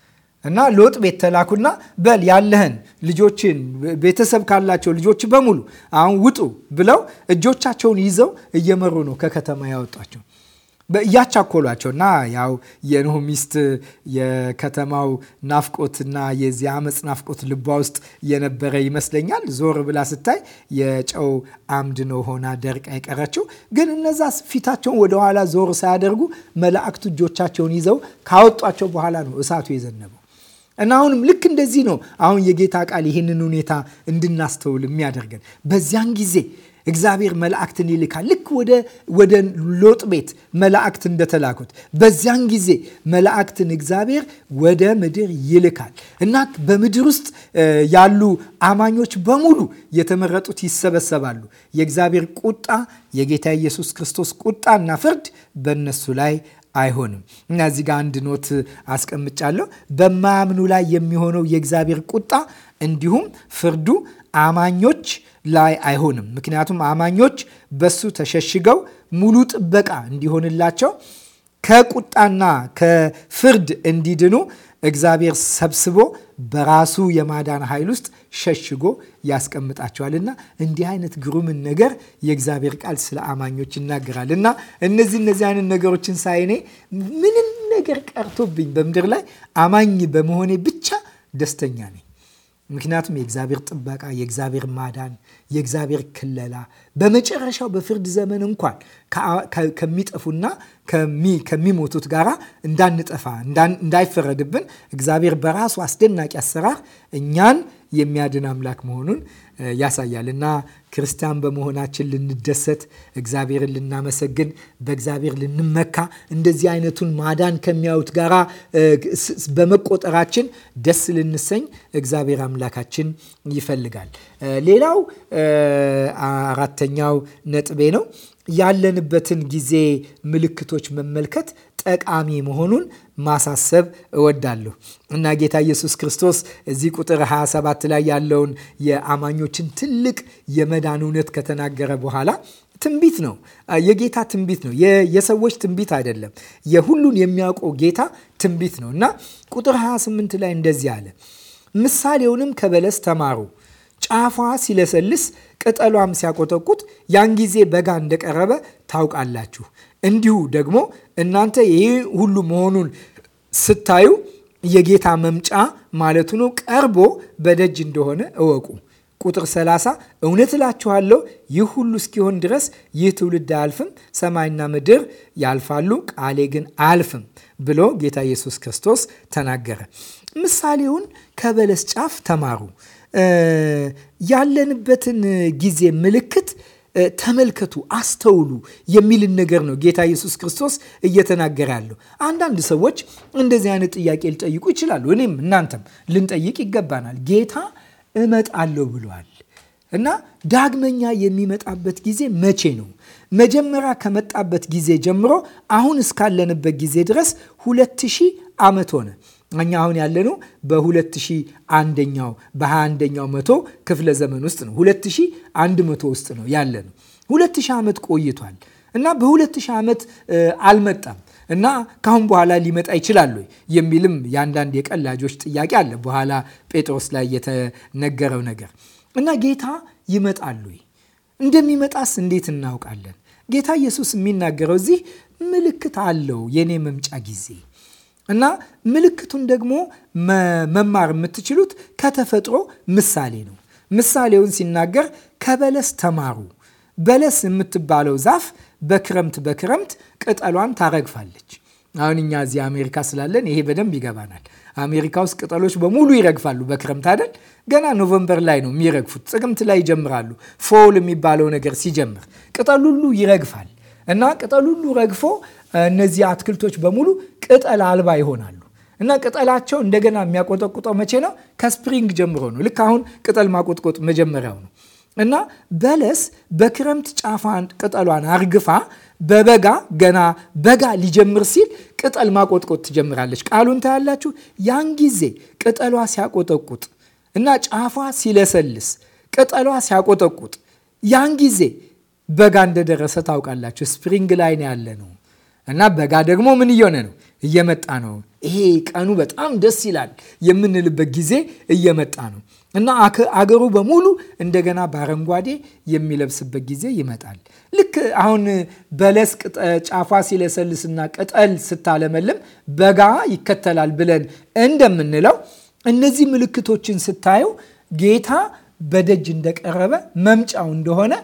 እና ሎጥ ቤት ተላኩና በል ያለህን ልጆችን ቤተሰብ ካላቸው ልጆች በሙሉ አሁን ውጡ ብለው እጆቻቸውን ይዘው እየመሩ ነው ከከተማ ያወጧቸው። እያቻኮሏቸውና ያው የኖህ ሚስት የከተማው ናፍቆትና የዚህ አመፅ ናፍቆት ልቧ ውስጥ የነበረ ይመስለኛል። ዞር ብላ ስታይ የጨው አምድ ነው ሆና ደርቃ የቀረችው። ግን እነዛ ፊታቸውን ወደኋላ ዞር ሳያደርጉ መላእክቱ እጆቻቸውን ይዘው ካወጧቸው በኋላ ነው እሳቱ የዘነበው። እና አሁንም ልክ እንደዚህ ነው። አሁን የጌታ ቃል ይህንን ሁኔታ እንድናስተውል የሚያደርገን በዚያን ጊዜ እግዚአብሔር መላእክትን ይልካል። ልክ ወደ ሎጥ ቤት መላእክት እንደተላኩት በዚያን ጊዜ መላእክትን እግዚአብሔር ወደ ምድር ይልካል እና በምድር ውስጥ ያሉ አማኞች በሙሉ የተመረጡት ይሰበሰባሉ። የእግዚአብሔር ቁጣ፣ የጌታ ኢየሱስ ክርስቶስ ቁጣና ፍርድ በእነሱ ላይ አይሆንም እና እዚህ ጋር አንድ ኖት አስቀምጫለሁ። በማያምኑ ላይ የሚሆነው የእግዚአብሔር ቁጣ እንዲሁም ፍርዱ አማኞች ላይ አይሆንም። ምክንያቱም አማኞች በሱ ተሸሽገው ሙሉ ጥበቃ እንዲሆንላቸው ከቁጣና ከፍርድ እንዲድኑ እግዚአብሔር ሰብስቦ በራሱ የማዳን ኃይል ውስጥ ሸሽጎ ያስቀምጣቸዋል እና እንዲህ አይነት ግሩምን ነገር የእግዚአብሔር ቃል ስለ አማኞች ይናገራል እና እነዚህ እነዚህ አይነት ነገሮችን ሳይኔ ምንም ነገር ቀርቶብኝ በምድር ላይ አማኝ በመሆኔ ብቻ ደስተኛ ነኝ። ምክንያቱም የእግዚአብሔር ጥበቃ፣ የእግዚአብሔር ማዳን፣ የእግዚአብሔር ክለላ በመጨረሻው በፍርድ ዘመን እንኳን ከሚጠፉና ከሚሞቱት ጋራ እንዳንጠፋ እንዳይፈረድብን እግዚአብሔር በራሱ አስደናቂ አሰራር እኛን የሚያድን አምላክ መሆኑን ያሳያል እና ክርስቲያን በመሆናችን ልንደሰት፣ እግዚአብሔርን ልናመሰግን፣ በእግዚአብሔር ልንመካ እንደዚህ አይነቱን ማዳን ከሚያዩት ጋራ በመቆጠራችን ደስ ልንሰኝ እግዚአብሔር አምላካችን ይፈልጋል። ሌላው አራተኛው ነጥቤ ነው። ያለንበትን ጊዜ ምልክቶች መመልከት ጠቃሚ መሆኑን ማሳሰብ እወዳለሁ እና ጌታ ኢየሱስ ክርስቶስ እዚህ ቁጥር 27 ላይ ያለውን የአማኞችን ትልቅ የመዳን እውነት ከተናገረ በኋላ ትንቢት ነው። የጌታ ትንቢት ነው። የሰዎች ትንቢት አይደለም። የሁሉን የሚያውቀው ጌታ ትንቢት ነው እና ቁጥር 28 ላይ እንደዚህ አለ፣ ምሳሌውንም ከበለስ ተማሩ ጫፏ ሲለሰልስ ቅጠሏም ሲያቆጠቁት ያን ጊዜ በጋ እንደቀረበ ታውቃላችሁ። እንዲሁ ደግሞ እናንተ ይህ ሁሉ መሆኑን ስታዩ የጌታ መምጫ ማለቱ ነው ቀርቦ በደጅ እንደሆነ እወቁ። ቁጥር 30 እውነት እላችኋለሁ ይህ ሁሉ እስኪሆን ድረስ ይህ ትውልድ አያልፍም፣ ሰማይና ምድር ያልፋሉ፣ ቃሌ ግን አያልፍም ብሎ ጌታ ኢየሱስ ክርስቶስ ተናገረ። ምሳሌውን ከበለስ ጫፍ ተማሩ። ያለንበትን ጊዜ ምልክት ተመልከቱ፣ አስተውሉ የሚልን ነገር ነው ጌታ ኢየሱስ ክርስቶስ እየተናገረ ያለው። አንዳንድ ሰዎች እንደዚህ አይነት ጥያቄ ሊጠይቁ ይችላሉ። እኔም እናንተም ልንጠይቅ ይገባናል። ጌታ እመጣለሁ ብሏል እና ዳግመኛ የሚመጣበት ጊዜ መቼ ነው? መጀመሪያ ከመጣበት ጊዜ ጀምሮ አሁን እስካለንበት ጊዜ ድረስ ሁለት ሺህ ዓመት ሆነ። እኛ አሁን ያለነው በ 2001 በ21ኛው መቶ ክፍለ ዘመን ውስጥ ነው። 2100 ውስጥ ነው ያለነው። 2000 ዓመት ቆይቷል እና በ2000 ዓመት አልመጣም እና ካሁን በኋላ ሊመጣ ይችላል ወይ የሚልም የአንዳንድ የቀላጆች ጥያቄ አለ። በኋላ ጴጥሮስ ላይ የተነገረው ነገር እና ጌታ ይመጣል ወይ? እንደሚመጣስ እንዴት እናውቃለን? ጌታ ኢየሱስ የሚናገረው እዚህ ምልክት አለው የእኔ መምጫ ጊዜ እና ምልክቱን ደግሞ መማር የምትችሉት ከተፈጥሮ ምሳሌ ነው። ምሳሌውን ሲናገር ከበለስ ተማሩ። በለስ የምትባለው ዛፍ በክረምት በክረምት ቅጠሏን ታረግፋለች። አሁን እኛ እዚህ አሜሪካ ስላለን ይሄ በደንብ ይገባናል። አሜሪካ ውስጥ ቅጠሎች በሙሉ ይረግፋሉ በክረምት አይደል? ገና ኖቨምበር ላይ ነው የሚረግፉት። ጥቅምት ላይ ይጀምራሉ። ፎል የሚባለው ነገር ሲጀምር ቅጠሉ ሁሉ ይረግፋል እና ቅጠል ሁሉ ረግፎ እነዚህ አትክልቶች በሙሉ ቅጠል አልባ ይሆናሉ እና ቅጠላቸው እንደገና የሚያቆጠቁጠው መቼ ነው? ከስፕሪንግ ጀምሮ ነው። ልክ አሁን ቅጠል ማቆጥቆጥ መጀመሪያው ነው። እና በለስ በክረምት ጫፏን ቅጠሏን አርግፋ በበጋ ገና በጋ ሊጀምር ሲል ቅጠል ማቆጥቆጥ ትጀምራለች። ቃሉን ታያላችሁ። ያን ጊዜ ቅጠሏ ሲያቆጠቁጥ እና ጫፏ ሲለሰልስ፣ ቅጠሏ ሲያቆጠቁጥ ያን ጊዜ በጋ እንደደረሰ ታውቃላችሁ። ስፕሪንግ ላይ ነው ያለ ነው። እና በጋ ደግሞ ምን እየሆነ ነው? እየመጣ ነው። ይሄ ቀኑ በጣም ደስ ይላል የምንልበት ጊዜ እየመጣ ነው እና አገሩ በሙሉ እንደገና በአረንጓዴ የሚለብስበት ጊዜ ይመጣል። ልክ አሁን በለስ ጫፏ ሲለሰልስና ቅጠል ስታለመልም በጋ ይከተላል ብለን እንደምንለው እነዚህ ምልክቶችን ስታየው ጌታ በደጅ እንደቀረበ መምጫው እንደሆነ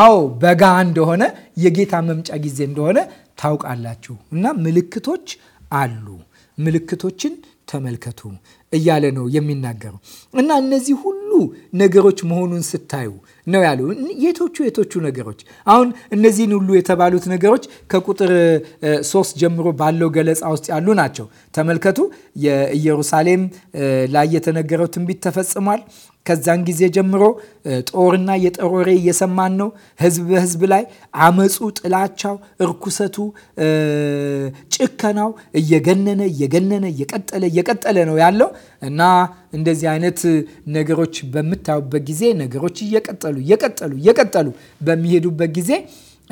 አዎ በጋ እንደሆነ የጌታ መምጫ ጊዜ እንደሆነ ታውቃላችሁ እና ምልክቶች አሉ ምልክቶችን ተመልከቱ እያለ ነው የሚናገረው እና እነዚህ ሁሉ ነገሮች መሆኑን ስታዩ ነው ያለው። የቶቹ የቶቹ ነገሮች አሁን እነዚህን ሁሉ የተባሉት ነገሮች ከቁጥር ሶስት ጀምሮ ባለው ገለጻ ውስጥ ያሉ ናቸው። ተመልከቱ፣ የኢየሩሳሌም ላይ የተነገረው ትንቢት ተፈጽሟል። ከዛን ጊዜ ጀምሮ ጦርና የጦር ወሬ እየሰማን ነው። ህዝብ በህዝብ ላይ አመፁ፣ ጥላቻው፣ እርኩሰቱ፣ ጭከናው እየገነነ እየገነነ እየቀጠለ እየቀጠለ ነው ያለው እና እንደዚህ አይነት ነገሮች በምታዩበት ጊዜ ነገሮች እየቀጠሉ እየቀጠሉ እየቀጠሉ በሚሄዱበት ጊዜ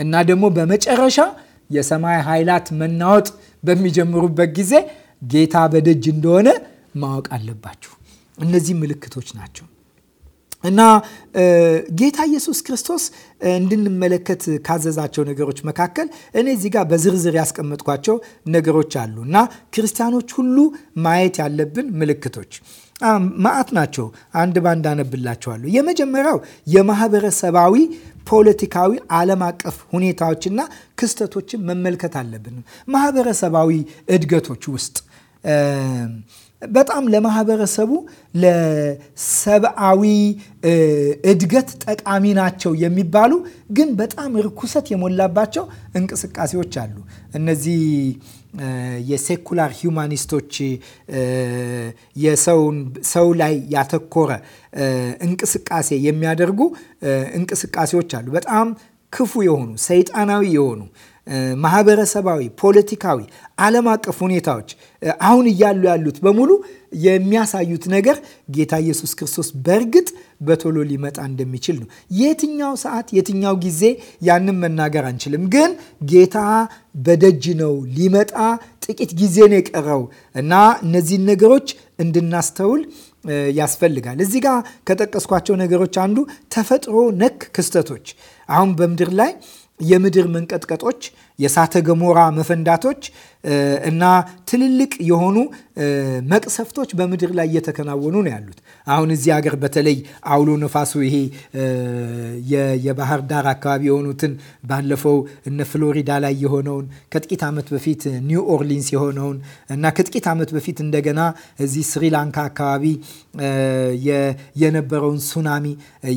እና ደግሞ በመጨረሻ የሰማይ ኃይላት መናወጥ በሚጀምሩበት ጊዜ ጌታ በደጅ እንደሆነ ማወቅ አለባችሁ። እነዚህ ምልክቶች ናቸው። እና ጌታ ኢየሱስ ክርስቶስ እንድንመለከት ካዘዛቸው ነገሮች መካከል እኔ እዚህ ጋር በዝርዝር ያስቀመጥኳቸው ነገሮች አሉ እና ክርስቲያኖች ሁሉ ማየት ያለብን ምልክቶች ማአት ናቸው። አንድ ባንድ አነብላቸዋለሁ። የመጀመሪያው የማህበረሰባዊ ፖለቲካዊ ዓለም አቀፍ ሁኔታዎችና ክስተቶችን መመልከት አለብን። ማህበረሰባዊ እድገቶች ውስጥ በጣም ለማህበረሰቡ ለሰብአዊ እድገት ጠቃሚ ናቸው የሚባሉ ግን በጣም ርኩሰት የሞላባቸው እንቅስቃሴዎች አሉ። እነዚህ የሴኩላር ሂውማኒስቶች የሰውን ሰው ላይ ያተኮረ እንቅስቃሴ የሚያደርጉ እንቅስቃሴዎች አሉ። በጣም ክፉ የሆኑ ሰይጣናዊ የሆኑ ማህበረሰባዊ፣ ፖለቲካዊ፣ ዓለም አቀፍ ሁኔታዎች አሁን እያሉ ያሉት በሙሉ የሚያሳዩት ነገር ጌታ ኢየሱስ ክርስቶስ በእርግጥ በቶሎ ሊመጣ እንደሚችል ነው። የትኛው ሰዓት፣ የትኛው ጊዜ ያንን መናገር አንችልም። ግን ጌታ በደጅ ነው፣ ሊመጣ ጥቂት ጊዜ ነው የቀረው እና እነዚህን ነገሮች እንድናስተውል ያስፈልጋል። እዚህ ጋር ከጠቀስኳቸው ነገሮች አንዱ ተፈጥሮ ነክ ክስተቶች አሁን በምድር ላይ የምድር መንቀጥቀጦች የእሳተ ገሞራ መፈንዳቶች እና ትልልቅ የሆኑ መቅሰፍቶች በምድር ላይ እየተከናወኑ ነው ያሉት። አሁን እዚህ ሀገር በተለይ አውሎ ነፋሱ ይሄ የባህር ዳር አካባቢ የሆኑትን ባለፈው እነ ፍሎሪዳ ላይ የሆነውን ከጥቂት ዓመት በፊት ኒው ኦርሊንስ የሆነውን እና ከጥቂት ዓመት በፊት እንደገና እዚህ ስሪላንካ አካባቢ የነበረውን ሱናሚ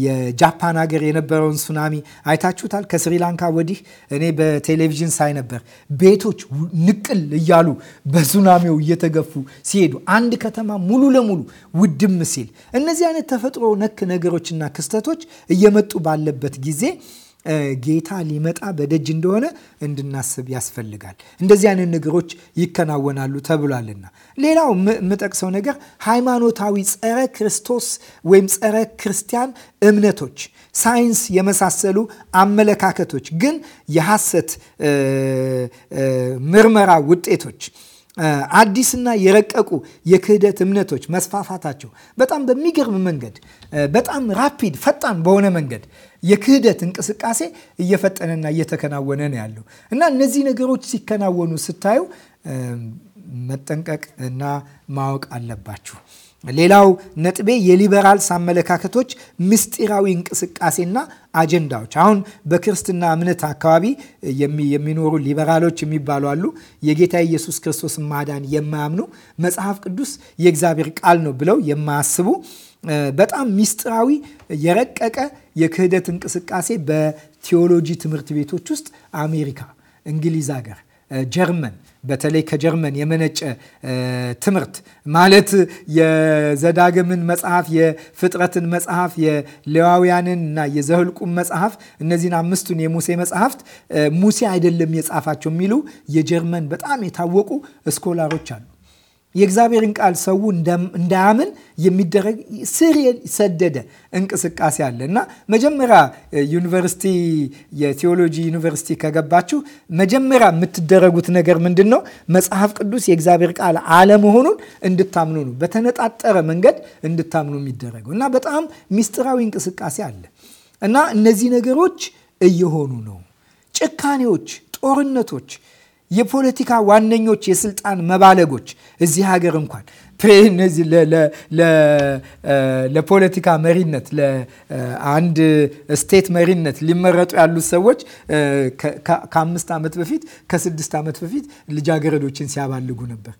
የጃፓን ሀገር የነበረውን ሱናሚ አይታችሁታል። ከስሪላንካ ወዲህ እኔ በቴሌቪዥን ትንሣኤ ነበር። ቤቶች ንቅል እያሉ በሱናሚው እየተገፉ ሲሄዱ፣ አንድ ከተማ ሙሉ ለሙሉ ውድም ሲል እነዚህ አይነት ተፈጥሮ ነክ ነገሮችና ክስተቶች እየመጡ ባለበት ጊዜ ጌታ ሊመጣ በደጅ እንደሆነ እንድናስብ ያስፈልጋል። እንደዚህ አይነት ነገሮች ይከናወናሉ ተብሏልና። ሌላው የምጠቅሰው ነገር ሃይማኖታዊ ጸረ ክርስቶስ ወይም ጸረ ክርስቲያን እምነቶች ሳይንስ የመሳሰሉ አመለካከቶች ግን የሐሰት ምርመራ ውጤቶች አዲስና የረቀቁ የክህደት እምነቶች መስፋፋታቸው በጣም በሚገርም መንገድ በጣም ራፒድ ፈጣን በሆነ መንገድ የክህደት እንቅስቃሴ እየፈጠነና እየተከናወነ ነው ያለው እና እነዚህ ነገሮች ሲከናወኑ ስታዩ መጠንቀቅ እና ማወቅ አለባችሁ። ሌላው ነጥቤ የሊበራል አመለካከቶች ምስጢራዊ እንቅስቃሴና አጀንዳዎች። አሁን በክርስትና እምነት አካባቢ የሚኖሩ ሊበራሎች የሚባሉ አሉ። የጌታ ኢየሱስ ክርስቶስ ማዳን የማያምኑ መጽሐፍ ቅዱስ የእግዚአብሔር ቃል ነው ብለው የማያስቡ በጣም ምስጢራዊ የረቀቀ የክህደት እንቅስቃሴ በቴዎሎጂ ትምህርት ቤቶች ውስጥ አሜሪካ፣ እንግሊዝ ሀገር ጀርመን በተለይ ከጀርመን የመነጨ ትምህርት ማለት የዘዳግምን መጽሐፍ፣ የፍጥረትን መጽሐፍ፣ የሌዋውያንን እና የዘኍልቁም መጽሐፍ እነዚህን አምስቱን የሙሴ መጽሐፍት ሙሴ አይደለም የጻፋቸው የሚሉ የጀርመን በጣም የታወቁ ስኮላሮች አሉ። የእግዚአብሔርን ቃል ሰው እንዳያምን የሚደረግ ስር ሰደደ እንቅስቃሴ አለ እና መጀመሪያ ዩኒቨርሲቲ የቴዎሎጂ ዩኒቨርሲቲ ከገባችሁ መጀመሪያ የምትደረጉት ነገር ምንድን ነው? መጽሐፍ ቅዱስ የእግዚአብሔር ቃል አለመሆኑን እንድታምኑ ነው። በተነጣጠረ መንገድ እንድታምኑ የሚደረገው እና በጣም ሚስጥራዊ እንቅስቃሴ አለ እና እነዚህ ነገሮች እየሆኑ ነው። ጭካኔዎች፣ ጦርነቶች የፖለቲካ ዋነኞች የስልጣን መባለጎች እዚህ ሀገር እንኳን እነዚህ ለፖለቲካ መሪነት ለአንድ ስቴት መሪነት ሊመረጡ ያሉት ሰዎች ከአምስት ዓመት በፊት ከስድስት ዓመት በፊት ልጃገረዶችን ሲያባልጉ ነበር።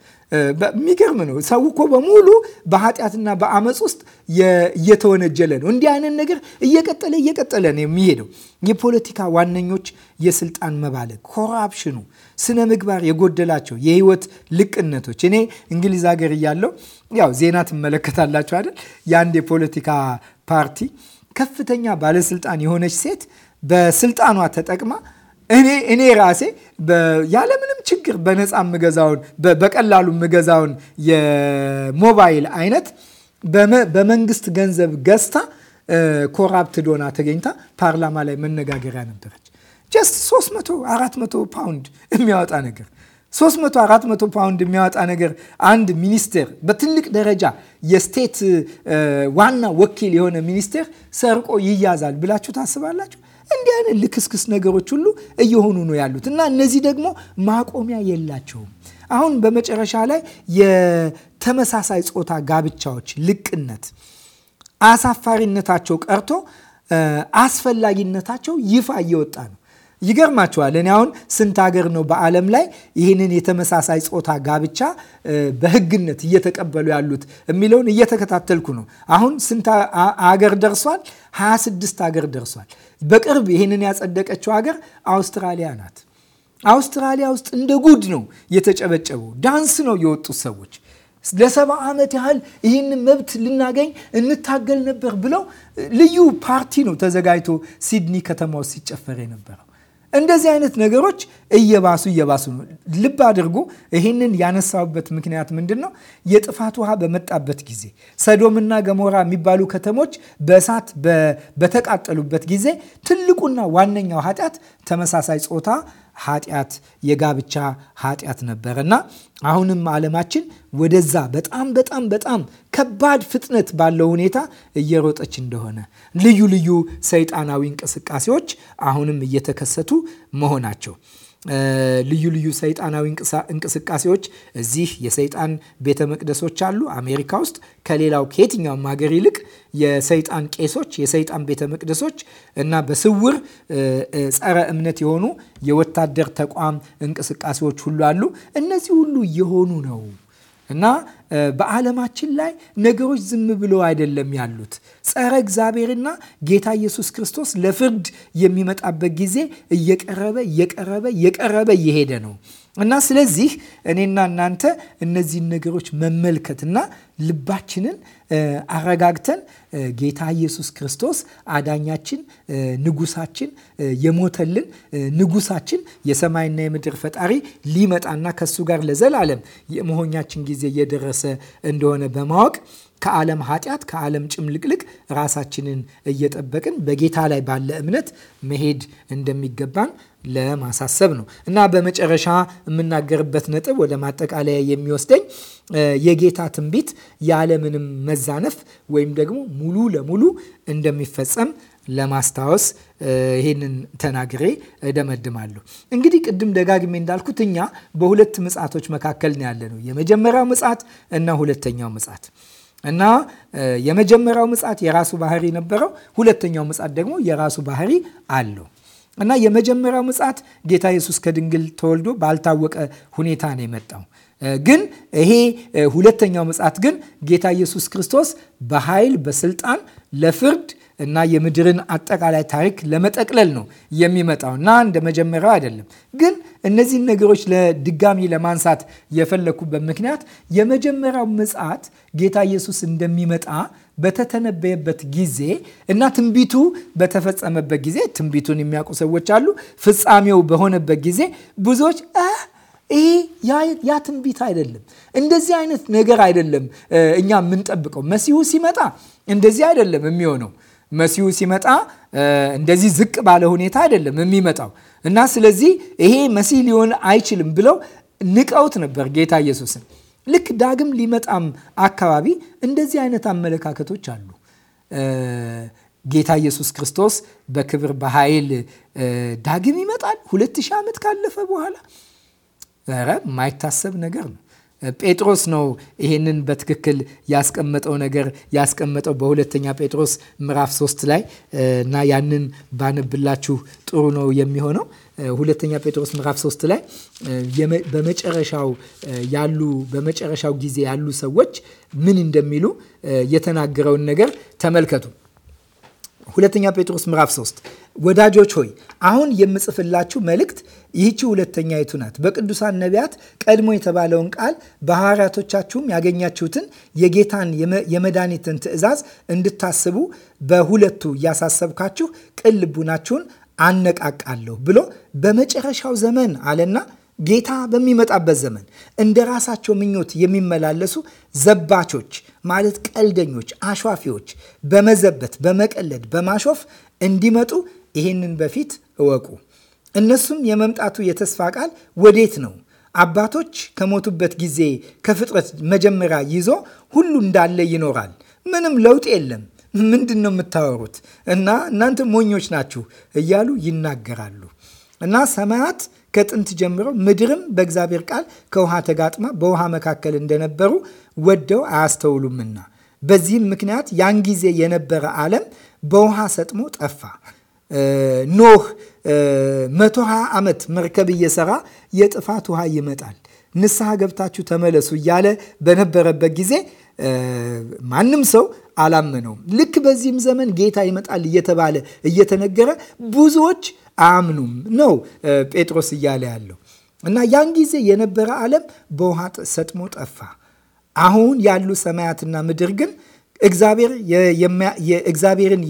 የሚገርም ነው። ሰው እኮ በሙሉ በኃጢአትና በአመፅ ውስጥ እየተወነጀለ ነው። እንዲህ አይነት ነገር እየቀጠለ እየቀጠለ ነው የሚሄደው። የፖለቲካ ዋነኞች የስልጣን መባለግ፣ ኮራፕሽኑ፣ ስነ ምግባር የጎደላቸው የህይወት ልቅነቶች። እኔ እንግሊዝ ሀገር እያለው ያው ዜና ትመለከታላችሁ አይደል? የአንድ የፖለቲካ ፓርቲ ከፍተኛ ባለስልጣን የሆነች ሴት በስልጣኗ ተጠቅማ እኔ እኔ ራሴ ያለምንም ችግር በነፃ ምገዛውን በቀላሉ ምገዛውን የሞባይል አይነት በመንግስት ገንዘብ ገዝታ ኮራፕትድ ዶና ተገኝታ ፓርላማ ላይ መነጋገሪያ ነበረች። ጀስት 300 400 ፓውንድ የሚያወጣ ነገር 300 400 ፓውንድ የሚያወጣ ነገር አንድ ሚኒስቴር በትልቅ ደረጃ የስቴት ዋና ወኪል የሆነ ሚኒስቴር ሰርቆ ይያዛል ብላችሁ ታስባላችሁ? እንዲህ አይነት ልክስክስ ነገሮች ሁሉ እየሆኑ ነው ያሉት እና እነዚህ ደግሞ ማቆሚያ የላቸውም። አሁን በመጨረሻ ላይ የተመሳሳይ ጾታ ጋብቻዎች ልቅነት አሳፋሪነታቸው ቀርቶ አስፈላጊነታቸው ይፋ እየወጣ ነው። ይገርማቸዋል። እኔ አሁን ስንት ሀገር ነው በዓለም ላይ ይህንን የተመሳሳይ ጾታ ጋብቻ በህግነት እየተቀበሉ ያሉት የሚለውን እየተከታተልኩ ነው። አሁን ስንት ሀገር ደርሷል? 26 ሀገር ደርሷል። በቅርብ ይህንን ያጸደቀችው ሀገር አውስትራሊያ ናት። አውስትራሊያ ውስጥ እንደ ጉድ ነው የተጨበጨበው። ዳንስ ነው የወጡት ሰዎች ለሰባ ዓመት ያህል ይህን መብት ልናገኝ እንታገል ነበር ብለው ልዩ ፓርቲ ነው ተዘጋጅቶ ሲድኒ ከተማ ውስጥ ሲጨፈር የነበረው። እንደዚህ አይነት ነገሮች እየባሱ እየባሱ ነው። ልብ አድርጉ። ይህንን ያነሳውበት ምክንያት ምንድን ነው? የጥፋት ውሃ በመጣበት ጊዜ ሰዶምና ገሞራ የሚባሉ ከተሞች በእሳት በተቃጠሉበት ጊዜ ትልቁና ዋነኛው ኃጢአት ተመሳሳይ ጾታ ኃጢአት የጋብቻ ኃጢአት ነበር እና አሁንም ዓለማችን ወደዛ በጣም በጣም በጣም ከባድ ፍጥነት ባለው ሁኔታ እየሮጠች እንደሆነ ልዩ ልዩ ሰይጣናዊ እንቅስቃሴዎች አሁንም እየተከሰቱ መሆናቸው ልዩ ልዩ ሰይጣናዊ እንቅስቃሴዎች እዚህ የሰይጣን ቤተ መቅደሶች አሉ። አሜሪካ ውስጥ ከሌላው ከየትኛውም ሀገር ይልቅ የሰይጣን ቄሶች፣ የሰይጣን ቤተ መቅደሶች እና በስውር ጸረ እምነት የሆኑ የወታደር ተቋም እንቅስቃሴዎች ሁሉ አሉ። እነዚህ ሁሉ የሆኑ ነው እና በዓለማችን ላይ ነገሮች ዝም ብሎ አይደለም ያሉት። ጸረ እግዚአብሔርና ጌታ ኢየሱስ ክርስቶስ ለፍርድ የሚመጣበት ጊዜ እየቀረበ እየቀረበ እየቀረበ እየሄደ ነው። እና ስለዚህ እኔና እናንተ እነዚህን ነገሮች መመልከትና ልባችንን አረጋግተን ጌታ ኢየሱስ ክርስቶስ አዳኛችን፣ ንጉሳችን፣ የሞተልን ንጉሳችን የሰማይና የምድር ፈጣሪ ሊመጣና ከሱ ጋር ለዘላለም የመሆኛችን ጊዜ እየደረሰ እንደሆነ በማወቅ ከዓለም ኃጢአት ከዓለም ጭምልቅልቅ ራሳችንን እየጠበቅን በጌታ ላይ ባለ እምነት መሄድ እንደሚገባን ለማሳሰብ ነው እና በመጨረሻ የምናገርበት ነጥብ ወደ ማጠቃለያ የሚወስደኝ የጌታ ትንቢት ያለምንም መዛነፍ ወይም ደግሞ ሙሉ ለሙሉ እንደሚፈጸም ለማስታወስ ይህንን ተናግሬ እደመድማለሁ። እንግዲህ ቅድም ደጋግሜ እንዳልኩት እኛ በሁለት ምጻቶች መካከል ነው ያለ ነው። የመጀመሪያው ምጻት እና ሁለተኛው ምጻት። እና የመጀመሪያው ምጽአት የራሱ ባህሪ ነበረው። ሁለተኛው ምጽአት ደግሞ የራሱ ባህሪ አለው እና የመጀመሪያው ምጽአት ጌታ ኢየሱስ ከድንግል ተወልዶ ባልታወቀ ሁኔታ ነው የመጣው። ግን ይሄ ሁለተኛው ምጽአት ግን ጌታ ኢየሱስ ክርስቶስ በኃይል በስልጣን ለፍርድ እና የምድርን አጠቃላይ ታሪክ ለመጠቅለል ነው የሚመጣው እና እንደ መጀመሪያው አይደለም። ግን እነዚህን ነገሮች ለድጋሚ ለማንሳት የፈለኩበት ምክንያት የመጀመሪያው ምጽአት ጌታ ኢየሱስ እንደሚመጣ በተተነበየበት ጊዜ እና ትንቢቱ በተፈጸመበት ጊዜ ትንቢቱን የሚያውቁ ሰዎች አሉ። ፍጻሜው በሆነበት ጊዜ ብዙዎች ይሄ ያ ትንቢት አይደለም፣ እንደዚህ አይነት ነገር አይደለም፣ እኛ የምንጠብቀው መሲሁ ሲመጣ እንደዚህ አይደለም የሚሆነው መሲሁ ሲመጣ እንደዚህ ዝቅ ባለ ሁኔታ አይደለም የሚመጣው እና ስለዚህ ይሄ መሲህ ሊሆን አይችልም ብለው ንቀውት ነበር ጌታ ኢየሱስን። ልክ ዳግም ሊመጣም አካባቢ እንደዚህ አይነት አመለካከቶች አሉ። ጌታ ኢየሱስ ክርስቶስ በክብር በኃይል ዳግም ይመጣል። ሁለት ሺህ ዓመት ካለፈ በኋላ ኧረ የማይታሰብ ነገር ነው። ጴጥሮስ ነው ይሄንን በትክክል ያስቀመጠው ነገር ያስቀመጠው በሁለተኛ ጴጥሮስ ምዕራፍ ሶስት ላይ እና ያንን ባነብላችሁ ጥሩ ነው የሚሆነው። ሁለተኛ ጴጥሮስ ምዕራፍ ሶስት ላይ በመጨረሻው ያሉ በመጨረሻው ጊዜ ያሉ ሰዎች ምን እንደሚሉ የተናገረውን ነገር ተመልከቱ። ሁለተኛ ጴጥሮስ ምዕራፍ 3 ወዳጆች ሆይ አሁን የምጽፍላችሁ መልእክት ይህቺ ሁለተኛ ይቱ ናት። በቅዱሳን ነቢያት ቀድሞ የተባለውን ቃል በሐዋርያቶቻችሁም ያገኛችሁትን የጌታን የመድኃኒትን ትእዛዝ እንድታስቡ በሁለቱ እያሳሰብካችሁ ቅን ልቡናችሁን አነቃቃለሁ ብሎ በመጨረሻው ዘመን አለና ጌታ በሚመጣበት ዘመን እንደ ራሳቸው ምኞት የሚመላለሱ ዘባቾች ማለት ቀልደኞች፣ አሿፊዎች በመዘበት በመቀለድ በማሾፍ እንዲመጡ ይህንን በፊት እወቁ። እነሱም የመምጣቱ የተስፋ ቃል ወዴት ነው? አባቶች ከሞቱበት ጊዜ ከፍጥረት መጀመሪያ ይዞ ሁሉ እንዳለ ይኖራል። ምንም ለውጥ የለም። ምንድን ነው የምታወሩት? እና እናንተ ሞኞች ናችሁ እያሉ ይናገራሉ እና ሰማያት ከጥንት ጀምሮ ምድርም በእግዚአብሔር ቃል ከውሃ ተጋጥማ በውሃ መካከል እንደነበሩ ወደው አያስተውሉምና በዚህም ምክንያት ያን ጊዜ የነበረ ዓለም በውሃ ሰጥሞ ጠፋ። ኖህ 120 ዓመት መርከብ እየሰራ የጥፋት ውሃ ይመጣል፣ ንስሐ ገብታችሁ ተመለሱ እያለ በነበረበት ጊዜ ማንም ሰው አላመነውም። ልክ በዚህም ዘመን ጌታ ይመጣል እየተባለ እየተነገረ ብዙዎች አያምኑም ነው ጴጥሮስ እያለ ያለው እና ያን ጊዜ የነበረ ዓለም በውሃ ሰጥሞ ጠፋ። አሁን ያሉ ሰማያትና ምድር ግን እግዚአብሔርን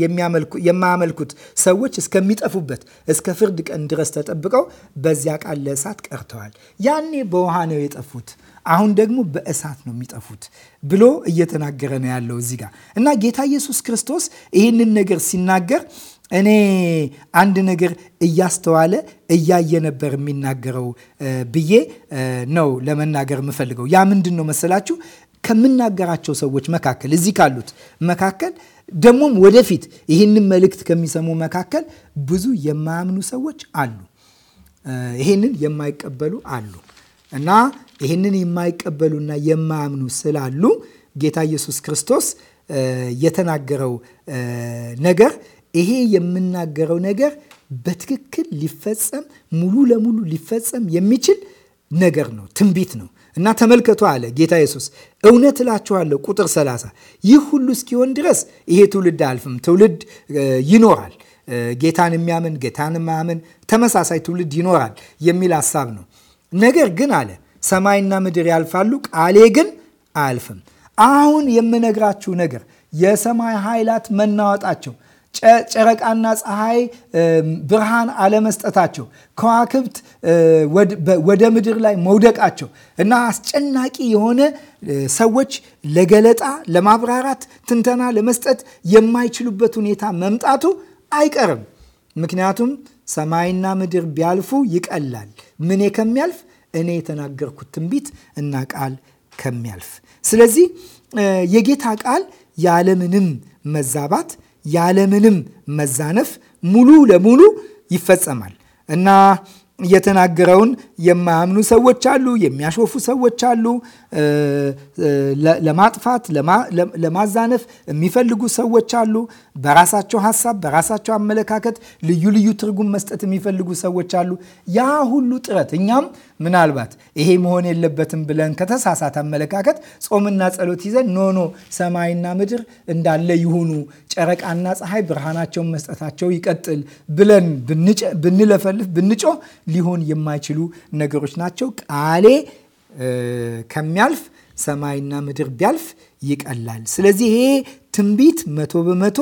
የማያመልኩት ሰዎች እስከሚጠፉበት እስከ ፍርድ ቀን ድረስ ተጠብቀው በዚያ ቃል ለእሳት ቀርተዋል። ያኔ በውሃ ነው የጠፉት፣ አሁን ደግሞ በእሳት ነው የሚጠፉት ብሎ እየተናገረ ነው ያለው እዚህ ጋር እና ጌታ ኢየሱስ ክርስቶስ ይህንን ነገር ሲናገር እኔ አንድ ነገር እያስተዋለ እያየ ነበር የሚናገረው ብዬ ነው ለመናገር የምፈልገው። ያ ምንድን ነው መሰላችሁ ከምናገራቸው ሰዎች መካከል እዚህ ካሉት መካከል ደግሞም ወደፊት ይህንን መልእክት ከሚሰሙ መካከል ብዙ የማያምኑ ሰዎች አሉ። ይህንን የማይቀበሉ አሉ እና ይህንን የማይቀበሉና የማያምኑ ስላሉ ጌታ ኢየሱስ ክርስቶስ የተናገረው ነገር ይሄ የምናገረው ነገር በትክክል ሊፈጸም ሙሉ ለሙሉ ሊፈጸም የሚችል ነገር ነው፣ ትንቢት ነው እና ተመልከቱ አለ ጌታ ኢየሱስ። እውነት እላችኋለሁ ቁጥር 30 ይህ ሁሉ እስኪሆን ድረስ ይሄ ትውልድ አልፍም ትውልድ ይኖራል። ጌታን የሚያምን ጌታን የማያምን ተመሳሳይ ትውልድ ይኖራል የሚል ሀሳብ ነው። ነገር ግን አለ ሰማይና ምድር ያልፋሉ፣ ቃሌ ግን አያልፍም። አሁን የምነግራችሁ ነገር የሰማይ ኃይላት መናወጣቸው ጨረቃና ፀሐይ ብርሃን አለመስጠታቸው፣ ከዋክብት ወደ ምድር ላይ መውደቃቸው እና አስጨናቂ የሆነ ሰዎች ለገለጣ ለማብራራት ትንተና ለመስጠት የማይችሉበት ሁኔታ መምጣቱ አይቀርም። ምክንያቱም ሰማይና ምድር ቢያልፉ ይቀላል፣ ምኔ ከሚያልፍ እኔ የተናገርኩት ትንቢት እና ቃል ከሚያልፍ። ስለዚህ የጌታ ቃል ያለምንም መዛባት ያለምንም መዛነፍ ሙሉ ለሙሉ ይፈጸማል እና የተናገረውን የማያምኑ ሰዎች አሉ፣ የሚያሾፉ ሰዎች አሉ፣ ለማጥፋት ለማዛነፍ የሚፈልጉ ሰዎች አሉ። በራሳቸው ሀሳብ፣ በራሳቸው አመለካከት ልዩ ልዩ ትርጉም መስጠት የሚፈልጉ ሰዎች አሉ። ያ ሁሉ ጥረት እኛም ምናልባት ይሄ መሆን የለበትም ብለን ከተሳሳት አመለካከት ጾምና ጸሎት ይዘን ኖኖ ሰማይና ምድር እንዳለ ይሁኑ፣ ጨረቃና ፀሐይ ብርሃናቸውን መስጠታቸው ይቀጥል ብለን ብንለፈልፍ ብንጮህ ሊሆን የማይችሉ ነገሮች ናቸው። ቃሌ ከሚያልፍ ሰማይና ምድር ቢያልፍ ይቀላል። ስለዚህ ይሄ ትንቢት መቶ በመቶ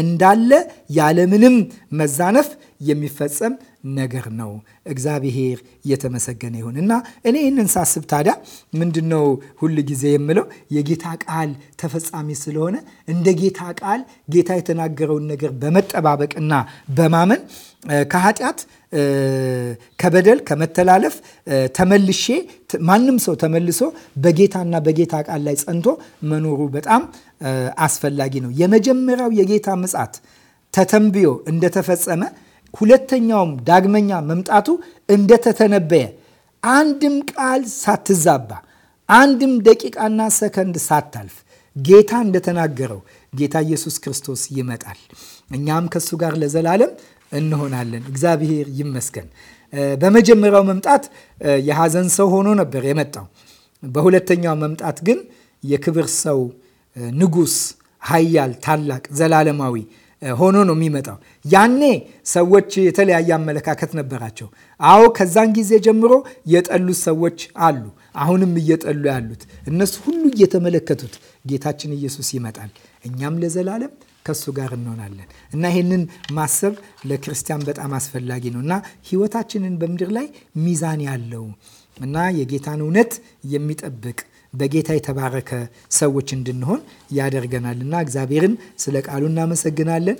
እንዳለ ያለምንም መዛነፍ የሚፈጸም ነገር ነው። እግዚአብሔር የተመሰገነ ይሁን እና እኔ ይህንን ሳስብ ታዲያ ምንድን ነው ሁል ጊዜ የምለው የጌታ ቃል ተፈጻሚ ስለሆነ እንደ ጌታ ቃል ጌታ የተናገረውን ነገር በመጠባበቅና በማመን ከኃጢአት ከበደል ከመተላለፍ ተመልሼ ማንም ሰው ተመልሶ በጌታና በጌታ ቃል ላይ ጸንቶ መኖሩ በጣም አስፈላጊ ነው። የመጀመሪያው የጌታ ምጻት ተተንብዮ እንደተፈጸመ ሁለተኛውም ዳግመኛ መምጣቱ እንደተተነበየ አንድም ቃል ሳትዛባ አንድም ደቂቃና ሰከንድ ሳታልፍ ጌታ እንደተናገረው ጌታ ኢየሱስ ክርስቶስ ይመጣል። እኛም ከእሱ ጋር ለዘላለም እንሆናለን። እግዚአብሔር ይመስገን። በመጀመሪያው መምጣት የሐዘን ሰው ሆኖ ነበር የመጣው። በሁለተኛው መምጣት ግን የክብር ሰው፣ ንጉስ ኃያል፣ ታላቅ፣ ዘላለማዊ ሆኖ ነው የሚመጣው። ያኔ ሰዎች የተለያየ አመለካከት ነበራቸው። አዎ ከዛን ጊዜ ጀምሮ የጠሉት ሰዎች አሉ፣ አሁንም እየጠሉ ያሉት እነሱ ሁሉ እየተመለከቱት ጌታችን ኢየሱስ ይመጣል፣ እኛም ለዘላለም ከሱ ጋር እንሆናለን እና ይህንን ማሰብ ለክርስቲያን በጣም አስፈላጊ ነው እና ህይወታችንን በምድር ላይ ሚዛን ያለው እና የጌታን እውነት የሚጠብቅ በጌታ የተባረከ ሰዎች እንድንሆን ያደርገናል እና እግዚአብሔርን ስለ ቃሉ እናመሰግናለን።